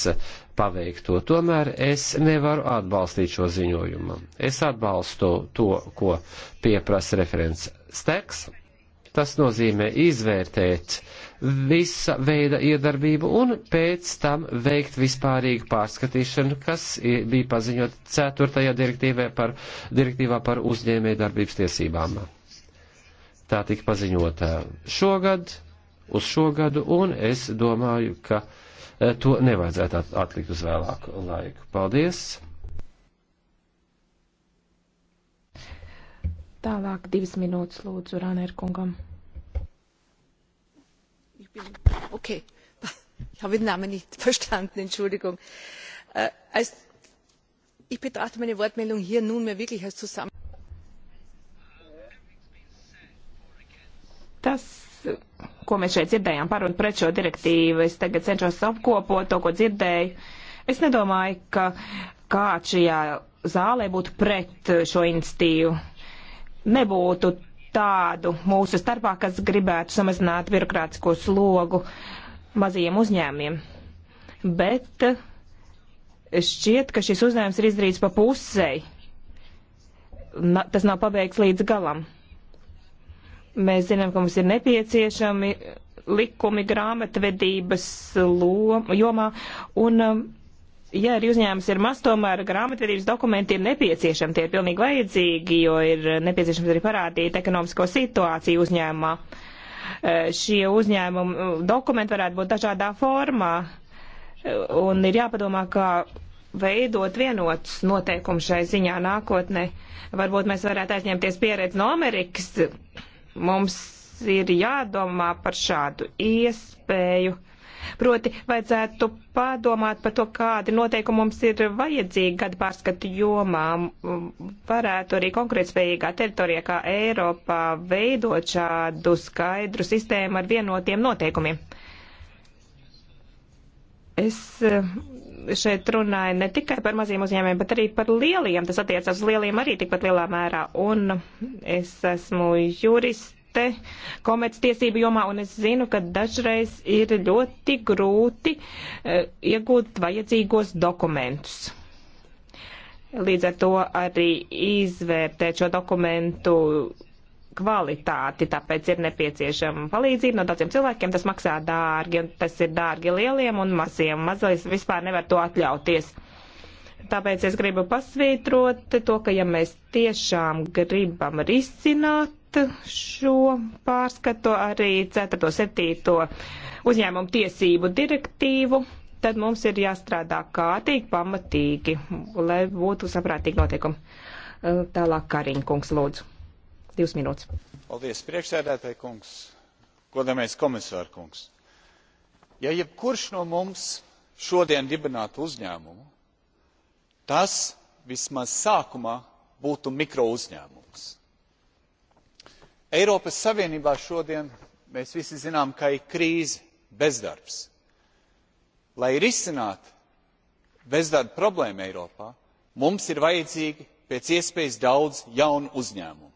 [SPEAKER 2] paveikto. Tomēr es nevaru atbalstīt šo ziņojumu. Es atbalstu to, ko pieprasa referents Steks. Tas nozīmē izvērtēt visa veida iedarbību un pēc tam veikt vispārīgu pārskatīšanu, kas bija paziņot 4. direktīvā par, direktīvā par uzņēmē darbības tiesībām. Tā tika paziņota šogad, uz šogadu, un es domāju, ka e, to nevajadzētu atlikt uz vēlāku laiku. Paldies!
[SPEAKER 1] Tālāk divas minūtes lūdzu Rānēr kungam okay. ich habe den namen nicht verstanden entschuldigung. Äh, ich betrachte meine wortmeldung hier nunmehr wirklich als zusammenfassung. tas, ko mēs šeit dzirdējām par un pret šo direktīvu, es tagad cenšos apkopot to, ko dzirdēju. Es nedomāju, ka kāds šajā zālē būtu pret šo institīvu. Nebūtu tādu mūsu starpā, kas gribētu samazināt birokrātisko slogu mazajiem uzņēmiem. Bet eh, šķiet, ka šis uzdevums ir izdarīts pa pusei. Na, tas nav pabeigts līdz galam. Mēs zinām, ka mums ir nepieciešami likumi grāmatvedības loma, jomā, un um, ja arī uzņēmums ir maz, tomēr grāmatvedības dokumenti ir nepieciešami, tie ir pilnīgi vajadzīgi, jo ir nepieciešams arī parādīt ekonomisko situāciju uzņēmumā. E, šie uzņēmumu dokumenti varētu būt dažādā formā, e, un ir jāpadomā, kā veidot vienotus noteikumus šai ziņā nākotnē. Varbūt mēs varētu aizņemties pieredzi no Amerikas. Mums ir jādomā par šādu iespēju Proti, vajadzētu pārdomāt par to, kādi noteikumi mums ir vajadzīgi gadu pārskatu jomā. Varētu arī konkurētspējīgā teritorijā kā Eiropā veidot šādu skaidru sistēmu ar vienotiem noteikumiem. Es eh, šeit runāju ne tikai par maziem uzņēmējiem, bet arī par lieliem. Tas attiecas uz lieliem arī tikpat lielā mērā. Un es esmu jurists te komerctiesību jomā, un es zinu, ka dažreiz ir ļoti grūti e, iegūt vajadzīgos dokumentus. Līdz ar to arī izvērtēt šo dokumentu kvalitāti, tāpēc ir nepieciešama palīdzība no daudziem cilvēkiem. Tas maksā dārgi, un tas ir dārgi lieliem un maziem. Mazais vispār nevar to atļauties. Tāpēc es gribu pasvītrot to, ka ja mēs tiešām gribam risināt šo pārskatu arī 4. 7. uzņēmumu tiesību direktīvu, tad mums ir jāstrādā kārtīgi, pamatīgi, lai būtu saprātīgi noteikumi. Tālāk Kariņa kungs lūdzu. Divas minūtes.
[SPEAKER 3] Paldies, priekšsēdētāji kungs, godamais komisāra kungs. Ja jebkurš no mums šodien dibinātu uzņēmumu, tas vismaz sākumā būtu mikro uzņēmums eiropas savienībā šodien mēs visi zinām ka ir krīze bezdarbs. lai risinātu bezdarba problēmu eiropā mums ir vajadzīgi pēc iespējas daudz jaunu uzņēmumu.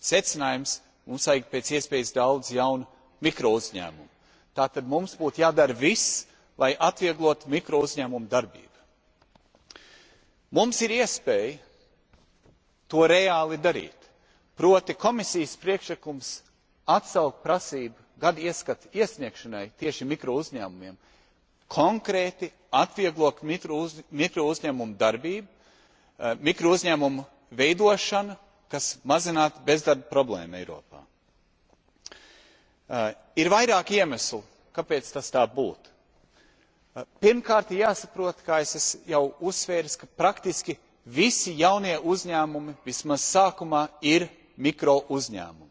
[SPEAKER 3] secinājums mums vajag pēc iespējas daudz jaunu mikrouzņēmumu. tātad mums būtu jādara viss lai atvieglotu mikrouzņēmumu darbību. mums ir iespēja to reāli darīt proti komisijas priekšlikums atsaukt prasību gada ieskata iesniegšanai tieši mikrouzņēmumiem konkrēti atvieglo mikrouzņēmumu darbību eh, mikrouzņēmumu veidošanu kas mazinātu bezdarba problēmu eiropā. Eh, ir vairāki iemesli kāpēc tas tā būtu. Eh, pirmkārt ir jāsaprot kā es jau uzsvēru ka praktiski visi jaunie uzņēmumi vismaz sākumā ir mikro uzņēmumi.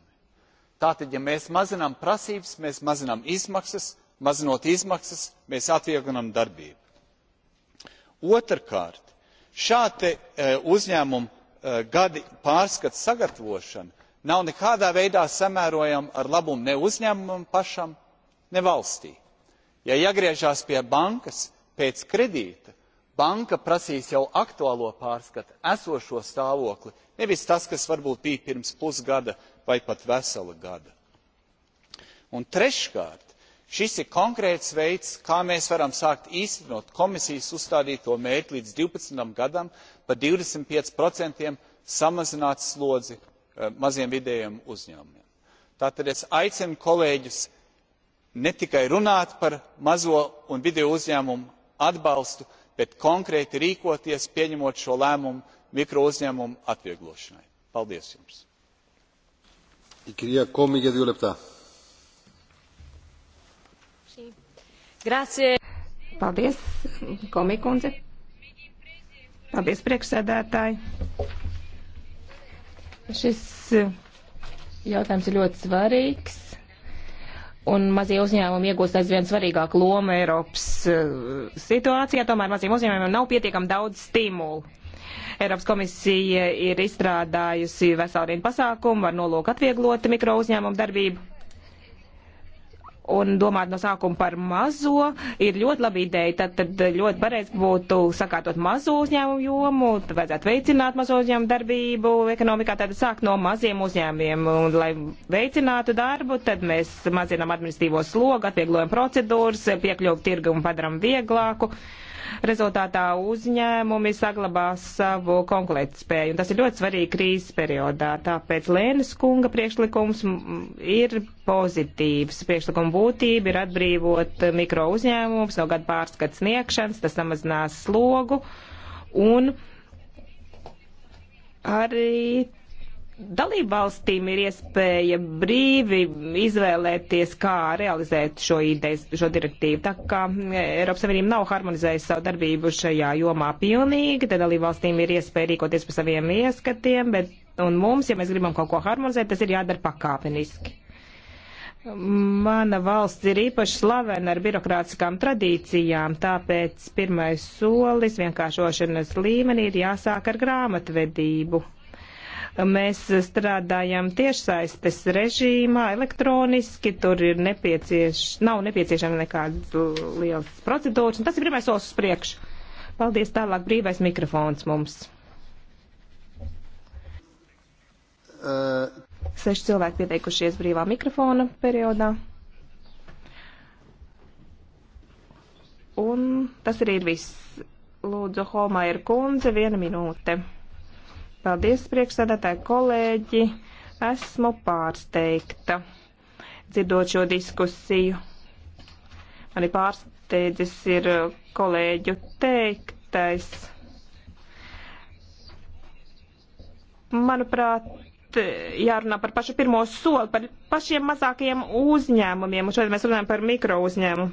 [SPEAKER 3] Tātad, ja mēs mazinām prasības, mēs mazinām izmaksas, mazinot izmaksas, mēs atvieglinām darbību. Otrakārt, šāda e, uzņēmuma e, gadi pārskats sagatavošana nav nekādā veidā samērojama ar labumu ne uzņēmumam pašam, ne valstī. Ja jāgriežās pie bankas pēc kredīta, banka prasīs jau aktuālo pārskatu esošo stāvokli nevis tas kas varbūt bija pirms pusgada vai pat vesela gada. un treškārt šis ir konkrēts veids kā mēs varam sākt īstenot komisijas uzstādīto mērķi līdz divpadsmitam gadam par divdesmit pieciem samazināt slodzi eh, maziem vidējiem uzņēmumiem. tātad es aicinu kolēģus ne tikai runāt par mazo un vidējo uzņēmumu atbalstu bet konkrēti rīkoties pieņemot šo lēmumu mikro uzņēmumu atvieglošanai. paldies jums!
[SPEAKER 1] Paldies, komikundze! Paldies, priekšsēdētāji! Šis jautājums ir ļoti svarīgs un mazie uzņēmumi iegūst aizvien svarīgāku lomu Eiropas uh, situācijā, tomēr maziem uzņēmumiem nav pietiekam daudz stimulu. Eiropas komisija ir izstrādājusi veselu rindu pasākumu ar nolūku atvieglot mikro uzņēmumu darbību un domāt no sākuma par mazo ir ļoti laba ideja. Tad, tad ļoti pareizi būtu sakārtot mazo uzņēmumu jomu, tad vajadzētu veicināt mazo uzņēmumu darbību ekonomikā, tad sākt no maziem uzņēmumiem. Un, lai veicinātu darbu, tad mēs mazinām administrīvo slogu, atvieglojam procedūras, piekļuvu tirgu un padaram vieglāku. Uh, Rezultātā uzņēmumi saglabās savu konkurētspēju, un tas ir ļoti svarīgi krīzes periodā. Tāpēc Lēnes kunga priekšlikums ir pozitīvs. Priekšlikuma būtība ir atbrīvot mikro uzņēmumus no gada pārskats sniegšanas, tas samazinās slogu un arī Dalībvalstīm ir iespēja brīvi izvēlēties, kā realizēt šo ideju, šo direktīvu. Tā kā e, Eiropas Savienība nav harmonizējusi savu darbību šajā jomā pilnīgi, tad dalībvalstīm ir iespēja rīkoties pa saviem ieskatiem, bet un mums, ja mēs gribam kaut ko harmonizēt, tas ir jādara pakāpeniski. Mana valsts ir īpaši slavena ar birokrātiskām tradīcijām, tāpēc pirmais solis vienkāršošanas līmenī ir jāsāk ar grāmatvedību. Mēs strādājam tiešsaistes režīmā, elektroniski, tur ir nepiecieš, nav nepieciešama nekādas lielas procedūras, un tas ir pirmais solis uz priekšu. Paldies, tālāk brīvais mikrofons mums. Uh. Seši cilvēki pieteikušies brīvā mikrofona periodā. Un tas arī ir viss. Lūdzu, Holmaier kundze, viena minūte. Paldies, priekšsēdētāji kolēģi. Esmu pārsteigta dzirdot šo diskusiju. Mani pārsteidzis ir kolēģu teiktais. Manuprāt, jārunā par pašu pirmo soli, par pašiem mazākajiem uzņēmumiem, un šodien mēs runājam par mikro uzņēmumu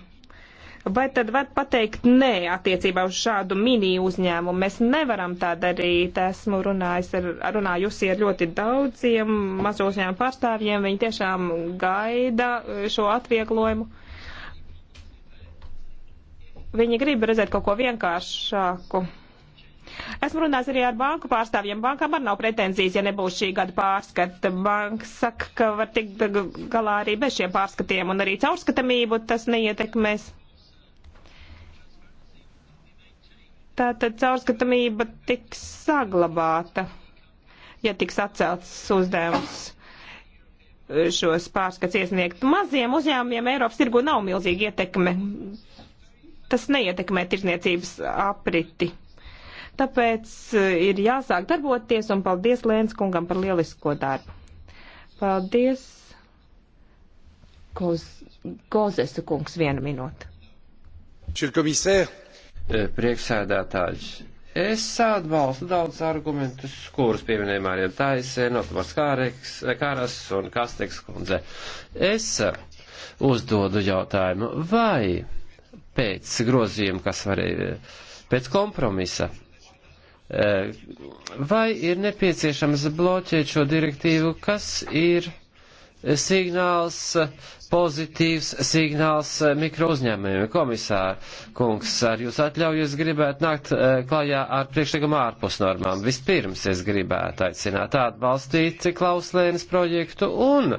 [SPEAKER 1] Vai tad var pateikt nē attiecībā uz šādu mini uzņēmumu? Mēs nevaram tā darīt. Esmu runājis ar, runājusi ar ļoti daudziem mazo uzņēmumu pārstāvjiem. Viņi tiešām gaida eh, šo atvieglojumu viņi grib redzēt kaut ko vienkāršāku. Esmu runājis arī ar banku pārstāvjiem. Bankām arī nav pretenzijas, ja nebūs šī gada pārskata. Banka saka, ka var tikt galā arī bez šiem pārskatiem, un arī caurskatamību tas neietekmēs. Tātad caurskatāmība tiks saglabāta, ja tiks atcelts uzdevums šos pārskats iesniegt. Maziem uzņēmumiem Eiropas tirgu nav milzīga ietekme. Tas neietekmē tirzniecības apriti. Tāpēc eh, ir jāsāk darboties, un paldies Lēns kungam par lielisko darbu. Paldies, Goz, Gozesa kungs, vienu minūtu.
[SPEAKER 2] Monsieur le commissaire, E, priekšsēdētājs.
[SPEAKER 1] Es atbalstu
[SPEAKER 2] daudz argumentus, kurus pieminēja Mārija Taisena, Otmars Kāras un Kasteks kundze. Es e, uzdodu jautājumu, vai pēc grozījuma, kas varēja, pēc kompromisa, e, vai ir nepieciešams bloķēt šo direktīvu, kas ir signāls pozitīvs signāls eh, mikro uzņēmējiem. Komisār, kungs, ar jūs atļauju es gribētu nākt eh, klajā ar priekšlikumu ārpus normām. Vispirms es gribētu aicināt atbalstīt Klauslēnas projektu un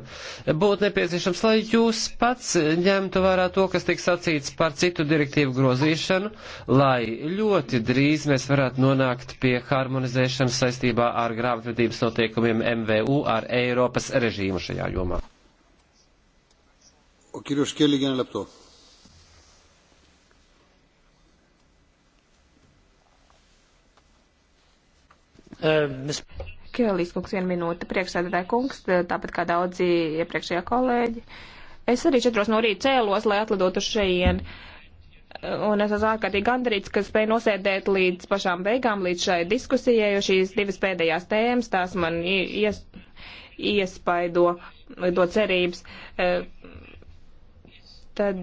[SPEAKER 2] būtu nepieciešams, lai jūs pats ņemtu vērā to, kas tiek sacīts par citu direktīvu grozīšanu, lai ļoti drīz mēs varētu nonākt pie harmonizēšanas saistībā ar grāmatvedības noteikumiem MVU ar Eiropas režīmu
[SPEAKER 3] šajā jomā. Ο κύριος Κέλλη για ένα λεπτό.
[SPEAKER 1] Kēlīs kungs, viena minūte. Priekšsēdētāja kungs, tāpat kā daudzi iepriekšējā kolēģi. Es arī četros no rīta cēlos, lai atlidotu šeit. Un es esmu ārkārtīgi gandarīts, ka spēju nosēdēt līdz pašām beigām, līdz šai diskusijai, jo šīs divas pēdējās tēmas, tās man ies, iespaido, dod cerības. Uh, tad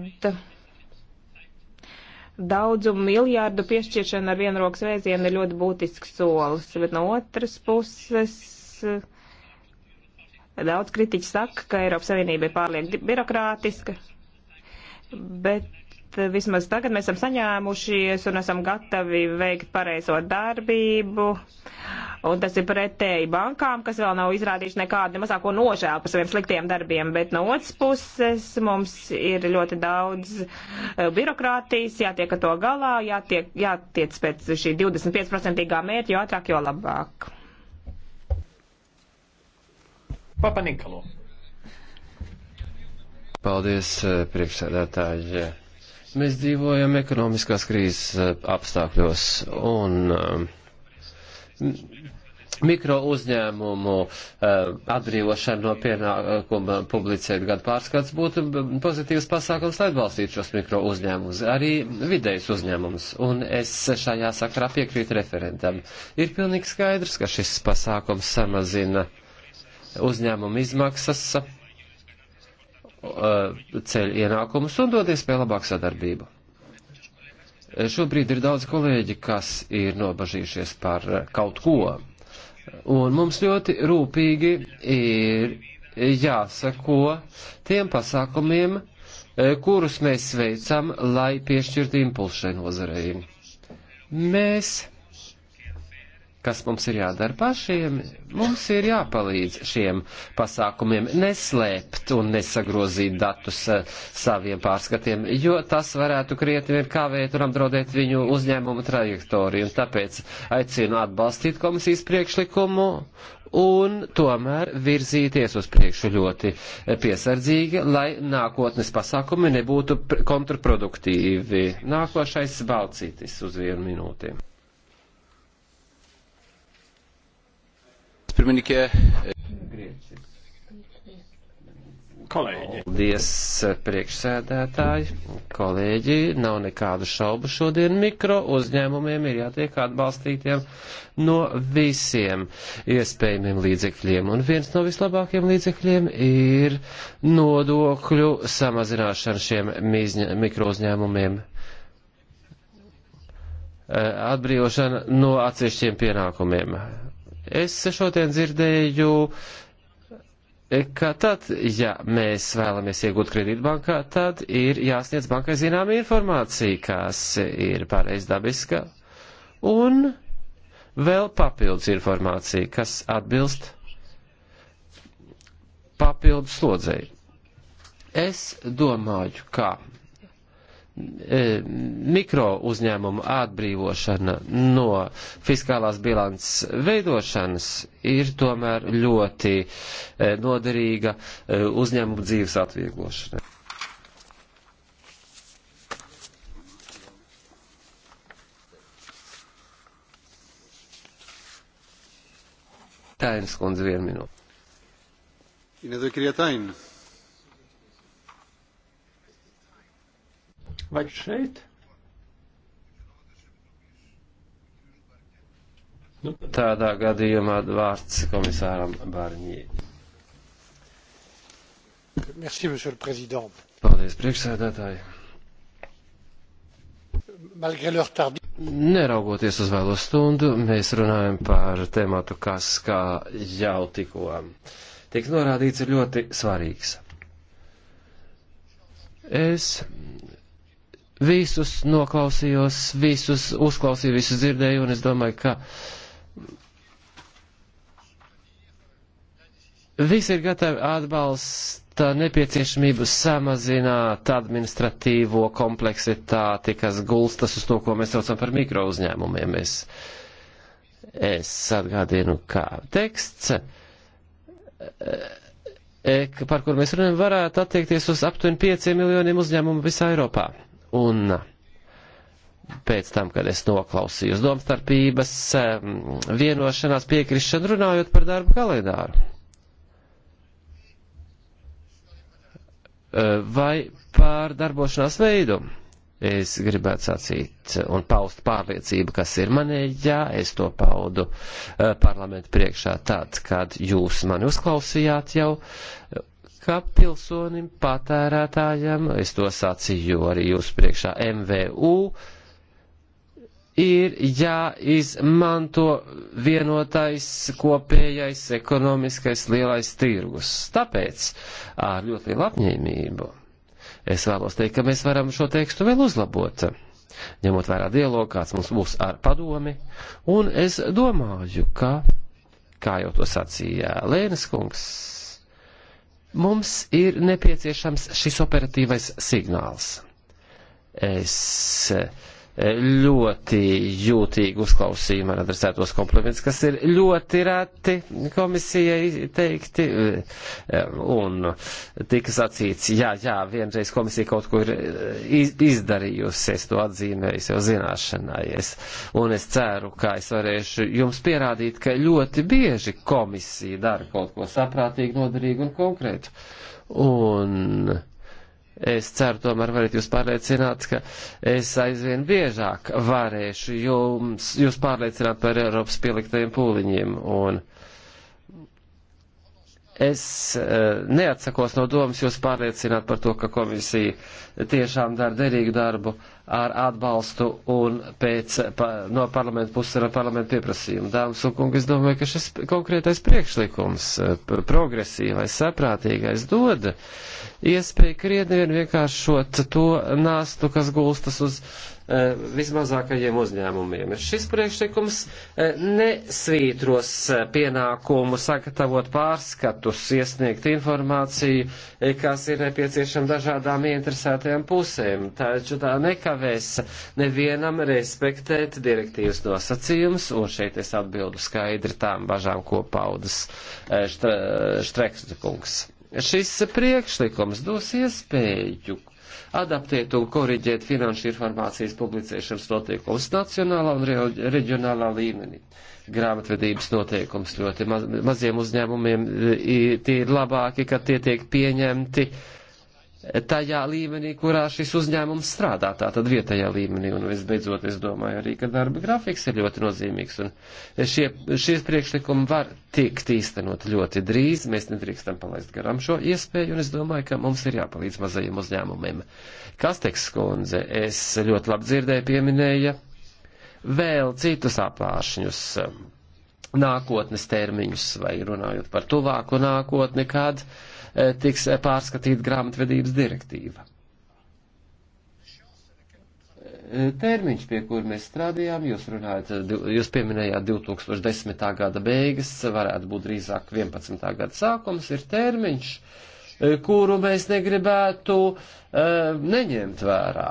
[SPEAKER 1] daudzu miljārdu piešķiršana ar vienrokas vēzienu ir ļoti būtisks solis, bet no otras puses daudz kritiķi saka, ka Eiropas Savienība ir pārliek birokrātiska, bet vismaz tagad mēs esam saņēmušies un esam gatavi veikt pareizo darbību. Uh, Un tas ir pretēji bankām, kas vēl nav izrādījuši nekādu mazāko nožēlu par saviem sliktiem darbiem. Bet no otras puses mums ir ļoti daudz eh, birokrātijas, jātiek ar to galā, jātiek, jātiec pēc šī 25% mērķa, jo ātrāk, jo labāk. Papa Nikolo.
[SPEAKER 2] Paldies, eh, priekšsēdētāji. Mēs dzīvojam ekonomiskās krīzes eh, apstākļos un mikro uzņēmumu eh, atbrīvošana no pienākuma publicēt gadu pārskats būtu pozitīvs pasākums, lai atbalstītu šos mikro uzņēmumus, arī vidējus uzņēmumus. Un es šajā sakrā piekrītu referentam. Ir pilnīgi skaidrs, ka šis pasākums samazina uzņēmumu izmaksas eh, ceļu ienākumus un dod iespēju labāku sadarbību. Šobrīd ir daudz kolēģi, kas ir nobažījušies par kaut ko, Un mums ļoti rūpīgi ir jāsako tiem pasākumiem, e, kurus mēs veicam, lai piešķirtu impulsu šai nozarei. Mēs kas mums ir jādara pašiem, mums ir jāpalīdz šiem pasākumiem neslēpt un nesagrozīt datus eh, saviem pārskatiem, jo tas varētu krietni vien kavēt un apdraudēt viņu uzņēmumu trajektoriju. Un tāpēc aicinu atbalstīt komisijas priekšlikumu un tomēr virzīties uz priekšu ļoti eh, piesardzīgi, lai nākotnes pasākumi nebūtu kontraproduktīvi. Nākošais balcītis uz vienu minūti. pirmininkė. Kolēģi. Paldies, priekšsēdētāji. Kolēģi, nav nekādu šaubu šodien mikro uzņēmumiem ir jātiek atbalstītiem no visiem iespējamiem līdzekļiem. Un viens no vislabākajiem līdzekļiem ir nodokļu samazināšana šiem mikro uzņēmumiem eh, atbrīvošana no atsevišķiem pienākumiem. Es šodien dzirdēju, e, ka tad, ja mēs vēlamies iegūt kredītu bankā, tad ir jāsniedz bankai zināma informācija, kas ir pareiz dabiska, un vēl papildus informācija, kas atbilst papildus slodzēji. Es domāju, ka E, mikro uzņēmumu atbrīvošana no fiskālās bilances veidošanas ir tomēr ļoti e, noderīga e, uzņēmumu dzīves atvieglošana. Tainskundze, vienu
[SPEAKER 3] minūti. Vai šeit?
[SPEAKER 2] Nu, tādā gadījumā vārds komisāram Barņī.
[SPEAKER 3] Merci, monsieur le président.
[SPEAKER 2] Paldies, priekšsēdētāji. Malgré leur tardi. Neraugoties uz vēlo stundu, mēs runājam par tēmatu, kas, kā jau tikko tik norādīts, ir ļoti svarīgs. Es visus noklausījos, visus uzklausīju, visus dzirdēju, un es domāju, ka visi ir gatavi atbalsta nepieciešamību samazināt administratīvo kompleksitāti, kas gulstas uz to, ko mēs saucam par mikro uzņēmumiem. Es, es atgādinu, kā teksts, eh, par kur mēs runājam, varētu attiekties uz aptuveni 5 miljoniem uzņēmumu visā Eiropā. Un pēc tam, kad es noklausījos domstarpības vienošanās piekrišanu runājot par darbu kalendāru. Vai pār darbošanās veidu? Es gribētu sacīt un paust pārliecību, kas ir manējā. Es to paudu parlamentu priekšā tad, kad jūs mani uzklausījāt jau, kā pilsonim, patērētājam, es to sacīju arī jūs priekšā MVU, ir jāizmanto vienotais kopējais ekonomiskais lielais tirgus. Tāpēc ar ļoti lielu apņēmību es vēlos teikt, ka mēs varam šo tekstu vēl uzlabot, ņemot vērā dialogu, kāds mums būs ar padomi, un es domāju, ka, kā jau to sacīja Lēnes kungs, Mums ir nepieciešams šis operatīvais signāls. Es uh, ļoti jūtīgi uzklausīja man adresētos komplimentus, kas ir ļoti reti komisijai teikti. Eh, un tika sacīts, jā, jā, vienreiz komisija kaut ko ir eh, izdarījusi, es to atzīmēju jau zināšanai. Es, un es ceru, ka es varēšu jums pierādīt, ka ļoti bieži komisija dara kaut ko saprātīgi, noderīgu un konkrētu. Un Es ceru, tomēr varat jūs pārliecināt, ka es aizvien biežāk varēšu jums, jūs pārliecināt par Eiropas pieliktajiem pūliņiem. Un es eh, neatsakos no domas jūs pārliecināt par to, ka komisija tiešām dara derīgu darbu ar atbalstu un pēc, pa, no parlamenta puses ar parlamentu pieprasījumu. Dāmas un kungi, es domāju, ka šis konkrētais priekšlikums, eh, progresīvais, saprātīgais, dod iespēju krietni vien vienkāršot to nāstu, kas gulstas uz uh, vismazākajiem uzņēmumiem. Šis priekšlikums uh, nesvītros pienākumu sagatavot pārskatus, iesniegt informāciju, kas ir nepieciešama dažādām interesētajām pusēm. Taču tā nekā nevēs nevienam respektēt direktīvas nosacījumus, un šeit es atbildu skaidri tām bažām, ko paudas e, Štrekskungs. Šis priekšlikums dos iespēju adaptēt un koriģēt finanšu informācijas publicēšanas noteikumus nacionālā un reģionālā līmenī. Grāmatvedības noteikums ļoti maz, maziem uzņēmumiem e, tie ir labāki, ka tie tiek pieņemti uh, tajā līmenī, kurā šis uzņēmums strādā, tātad vietējā līmenī. Un visbeidzot, es domāju arī, ka darba grafiks ir ļoti nozīmīgs. Un šie, šie priekšlikumi var tikt īstenot ļoti drīz. Mēs nedrīkstam palaist garām šo iespēju, un es domāju, ka mums ir jāpalīdz mazajiem uzņēmumiem. Kasteks kundze, es ļoti labi dzirdēju, pieminēja vēl citus apāršņus nākotnes termiņus vai runājot par tuvāku nākotni, kad uh, E, tiks e, pārskatīta grāmatvedības direktīva. E, termiņš, pie kur mēs strādājām, jūs, runājat, jūs pieminējāt 2010. gada beigas, varētu būt drīzāk 11. gada sākums, ir termiņš, kuru mēs negribētu neņemt vērā.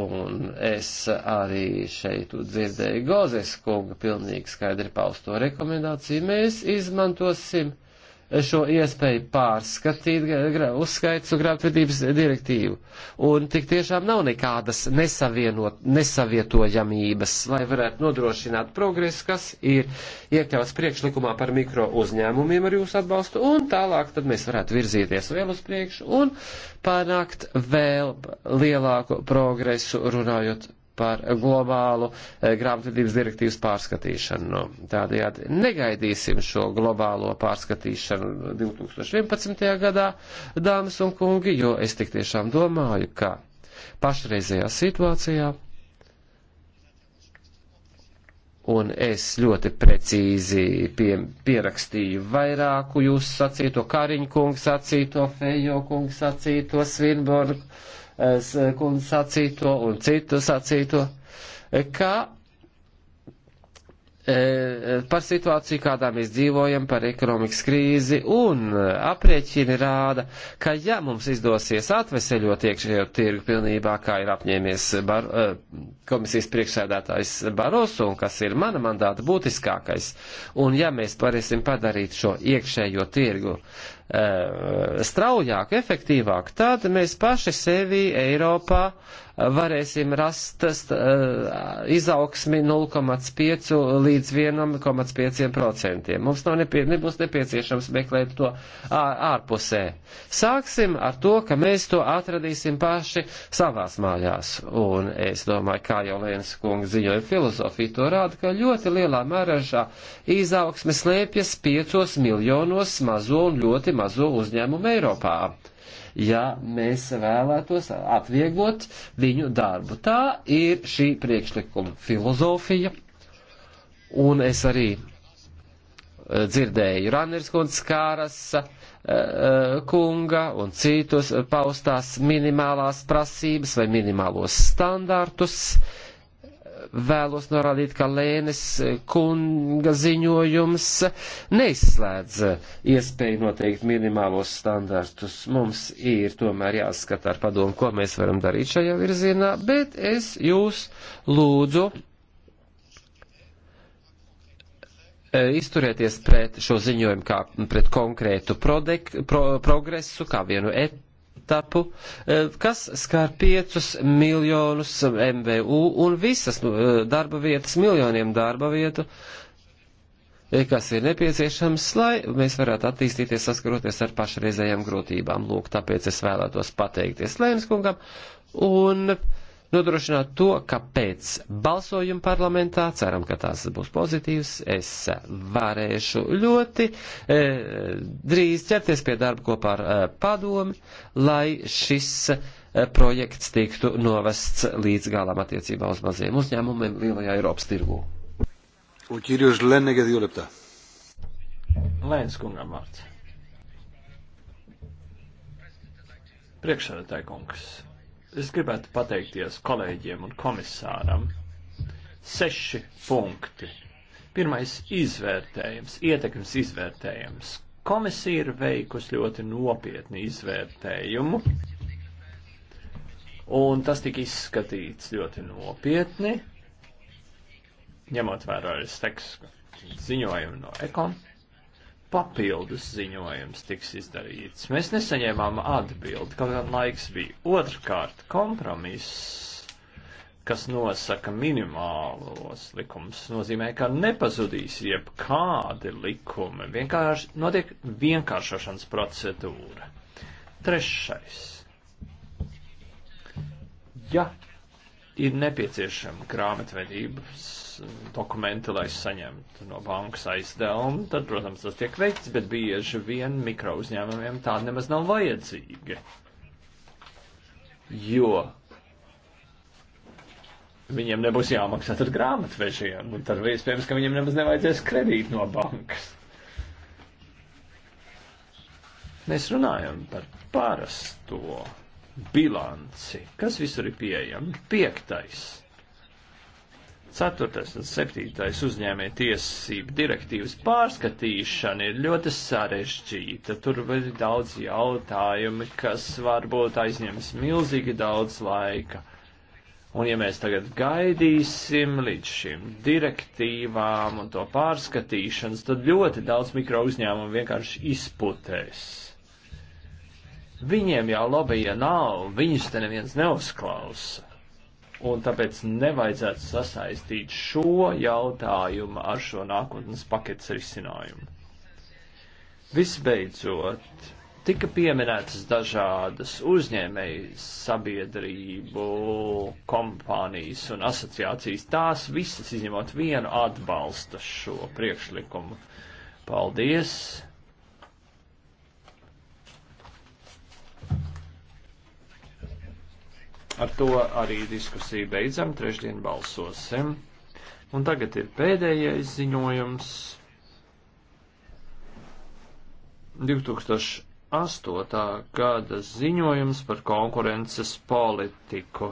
[SPEAKER 2] Un es arī šeit dzirdēju Gozes kunga pilnīgi skaidri pausto rekomendāciju. Mēs izmantosim uh, šo iespēju pārskatīt uzskaits un grāmatvedības direktīvu. Un tik tiešām nav nekādas nesavietojamības, lai varētu nodrošināt progresu, kas ir iekļauts priekšlikumā par mikro uzņēmumiem ar jūsu atbalstu, un tālāk tad mēs varētu virzīties vēl uz priekšu un panākt vēl lielāku progresu runājot par globālu eh, grāmatvedības direktīvas pārskatīšanu. Tādējādi negaidīsim šo globālo pārskatīšanu 2011. gadā, dāmas un kungi, jo es tik tiešām domāju, ka pašreizējā situācijā un es ļoti precīzi pie, pierakstīju vairāku jūsu sacīto, Kariņa kungs sacīto, Fejo kungs sacīto, Svinbornu Eh, kundze sacīto un citu sacīto, eh, ka eh, par situāciju, kādā mēs dzīvojam, par ekonomikas krīzi, un aprieķini rāda, ka ja mums izdosies atveseļot iekšējo tirgu pilnībā, kā ir apņēmies bar, komisijas priekšsēdētājs Barosu, un kas ir mana mandāta būtiskākais, un ja mēs varēsim padarīt šo iekšējo tirgu Eh, straujāk, efektīvāk, tad mēs paši sevi Eiropā uh, varēsim rast eh, izaugsmi 0,5 līdz 1,5%. Mums nav nepie, nebūs nepieciešams meklēt to ārpusē. Sāksim ar to, ka mēs to atradīsim paši savās mājās. Un es domāju, kā jau Lēns kungs ziņoja filozofija, to rāda, ka ļoti lielā mērā šā izaugsme slēpjas 5 miljonos mazo un ļoti mazo uzņēmumu Eiropā ja mēs vēlētos atvieglot viņu darbu. Tā ir šī priekšlikuma filozofija, un es arī eh, dzirdēju Ranirskundz Kāras eh, eh, kunga un citus paustās minimālās prasības vai minimālos standartus. Uh, vēlos norādīt, ka Lēnes eh, kunga ziņojums neizslēdz eh, iespēju noteikt minimālos standartus. Mums ir tomēr jāskatā ar padomu, ko mēs varam darīt šajā virzienā, bet es jūs lūdzu eh, izturēties pret šo ziņojumu kā pret konkrētu prodek, pro, progresu, kā vienu etiku startupu, eh, kas skar 5 miljonus MVU un visas eh, darba vietas, miljoniem darba vietu, eh, kas ir nepieciešams, lai mēs varētu attīstīties saskaroties ar pašreizējām grūtībām. Lūk, tāpēc es vēlētos pateikties Lēnskungam un uh, nodrošināt to, ka pēc balsojuma parlamentā, ceram, ka tās būs pozitīvas, es varēšu ļoti e, drīz ķerties pie darba kopā ar e, padomi, lai šis e, projekts tiktu novests līdz galam attiecībā uz maziem uzņēmumiem lielajā Eiropas tirgū.
[SPEAKER 3] Lēns kungam vārds.
[SPEAKER 4] Priekšsēdētāji kungs. Es gribētu pateikties kolēģiem un komisāram. Seši punkti. Pirmais izvērtējums, ietekmes izvērtējums. Komisija ir veikusi ļoti nopietnu izvērtējumu, un tas tika izskatīts ļoti nopietni, ņemot vērā arī tekstu ziņojumu no ekona papildus ziņojums tiks izdarīts. Mēs nesaņēmām atbildi, kaut gan laiks bija. Otrkārt, kompromiss, kas nosaka minimālos likumus, nozīmē, ka nepazudīs jebkādi likumi. Vienkārši notiek vienkāršošanas procedūra. Trešais. Ja ir nepieciešama grāmatvedības dokumenti, lai saņemtu no bankas aizdevumu, tad, protams, tas tiek veikts, bet bieži vien mikro uzņēmumiem tāda nemaz nav vajadzīga. Jo viņiem nebūs jāmaksā tad grāmatvežiem, un tad iespējams, ka viņiem nemaz nevajadzēs kredīt no bankas. Mēs runājam par parasto bilanci, kas visur ir pieejami. Piektais, ceturtais un septītais uzņēmē tiesību direktīvas pārskatīšana ir ļoti sarežģīta. Tur ir daudz jautājumi, kas varbūt aizņems milzīgi daudz laika. Un ja mēs tagad gaidīsim līdz šīm direktīvām un to pārskatīšanas, tad ļoti daudz mikro uzņēmumu vienkārši izputēs. Viņiem jau lobija nav, viņus te neviens neuzklausa. Un tāpēc nevajadzētu sasaistīt šo jautājumu ar šo nākotnes paketes risinājumu. Visbeidzot, tika pieminētas dažādas uzņēmēju sabiedrību, kompānijas un asociācijas. Tās visas, izņemot vienu, atbalsta šo priekšlikumu. Paldies! Ar to arī diskusiju beidzam, trešdien balsosim. Un tagad ir pēdējais ziņojums. 2008. gada ziņojums par konkurences politiku.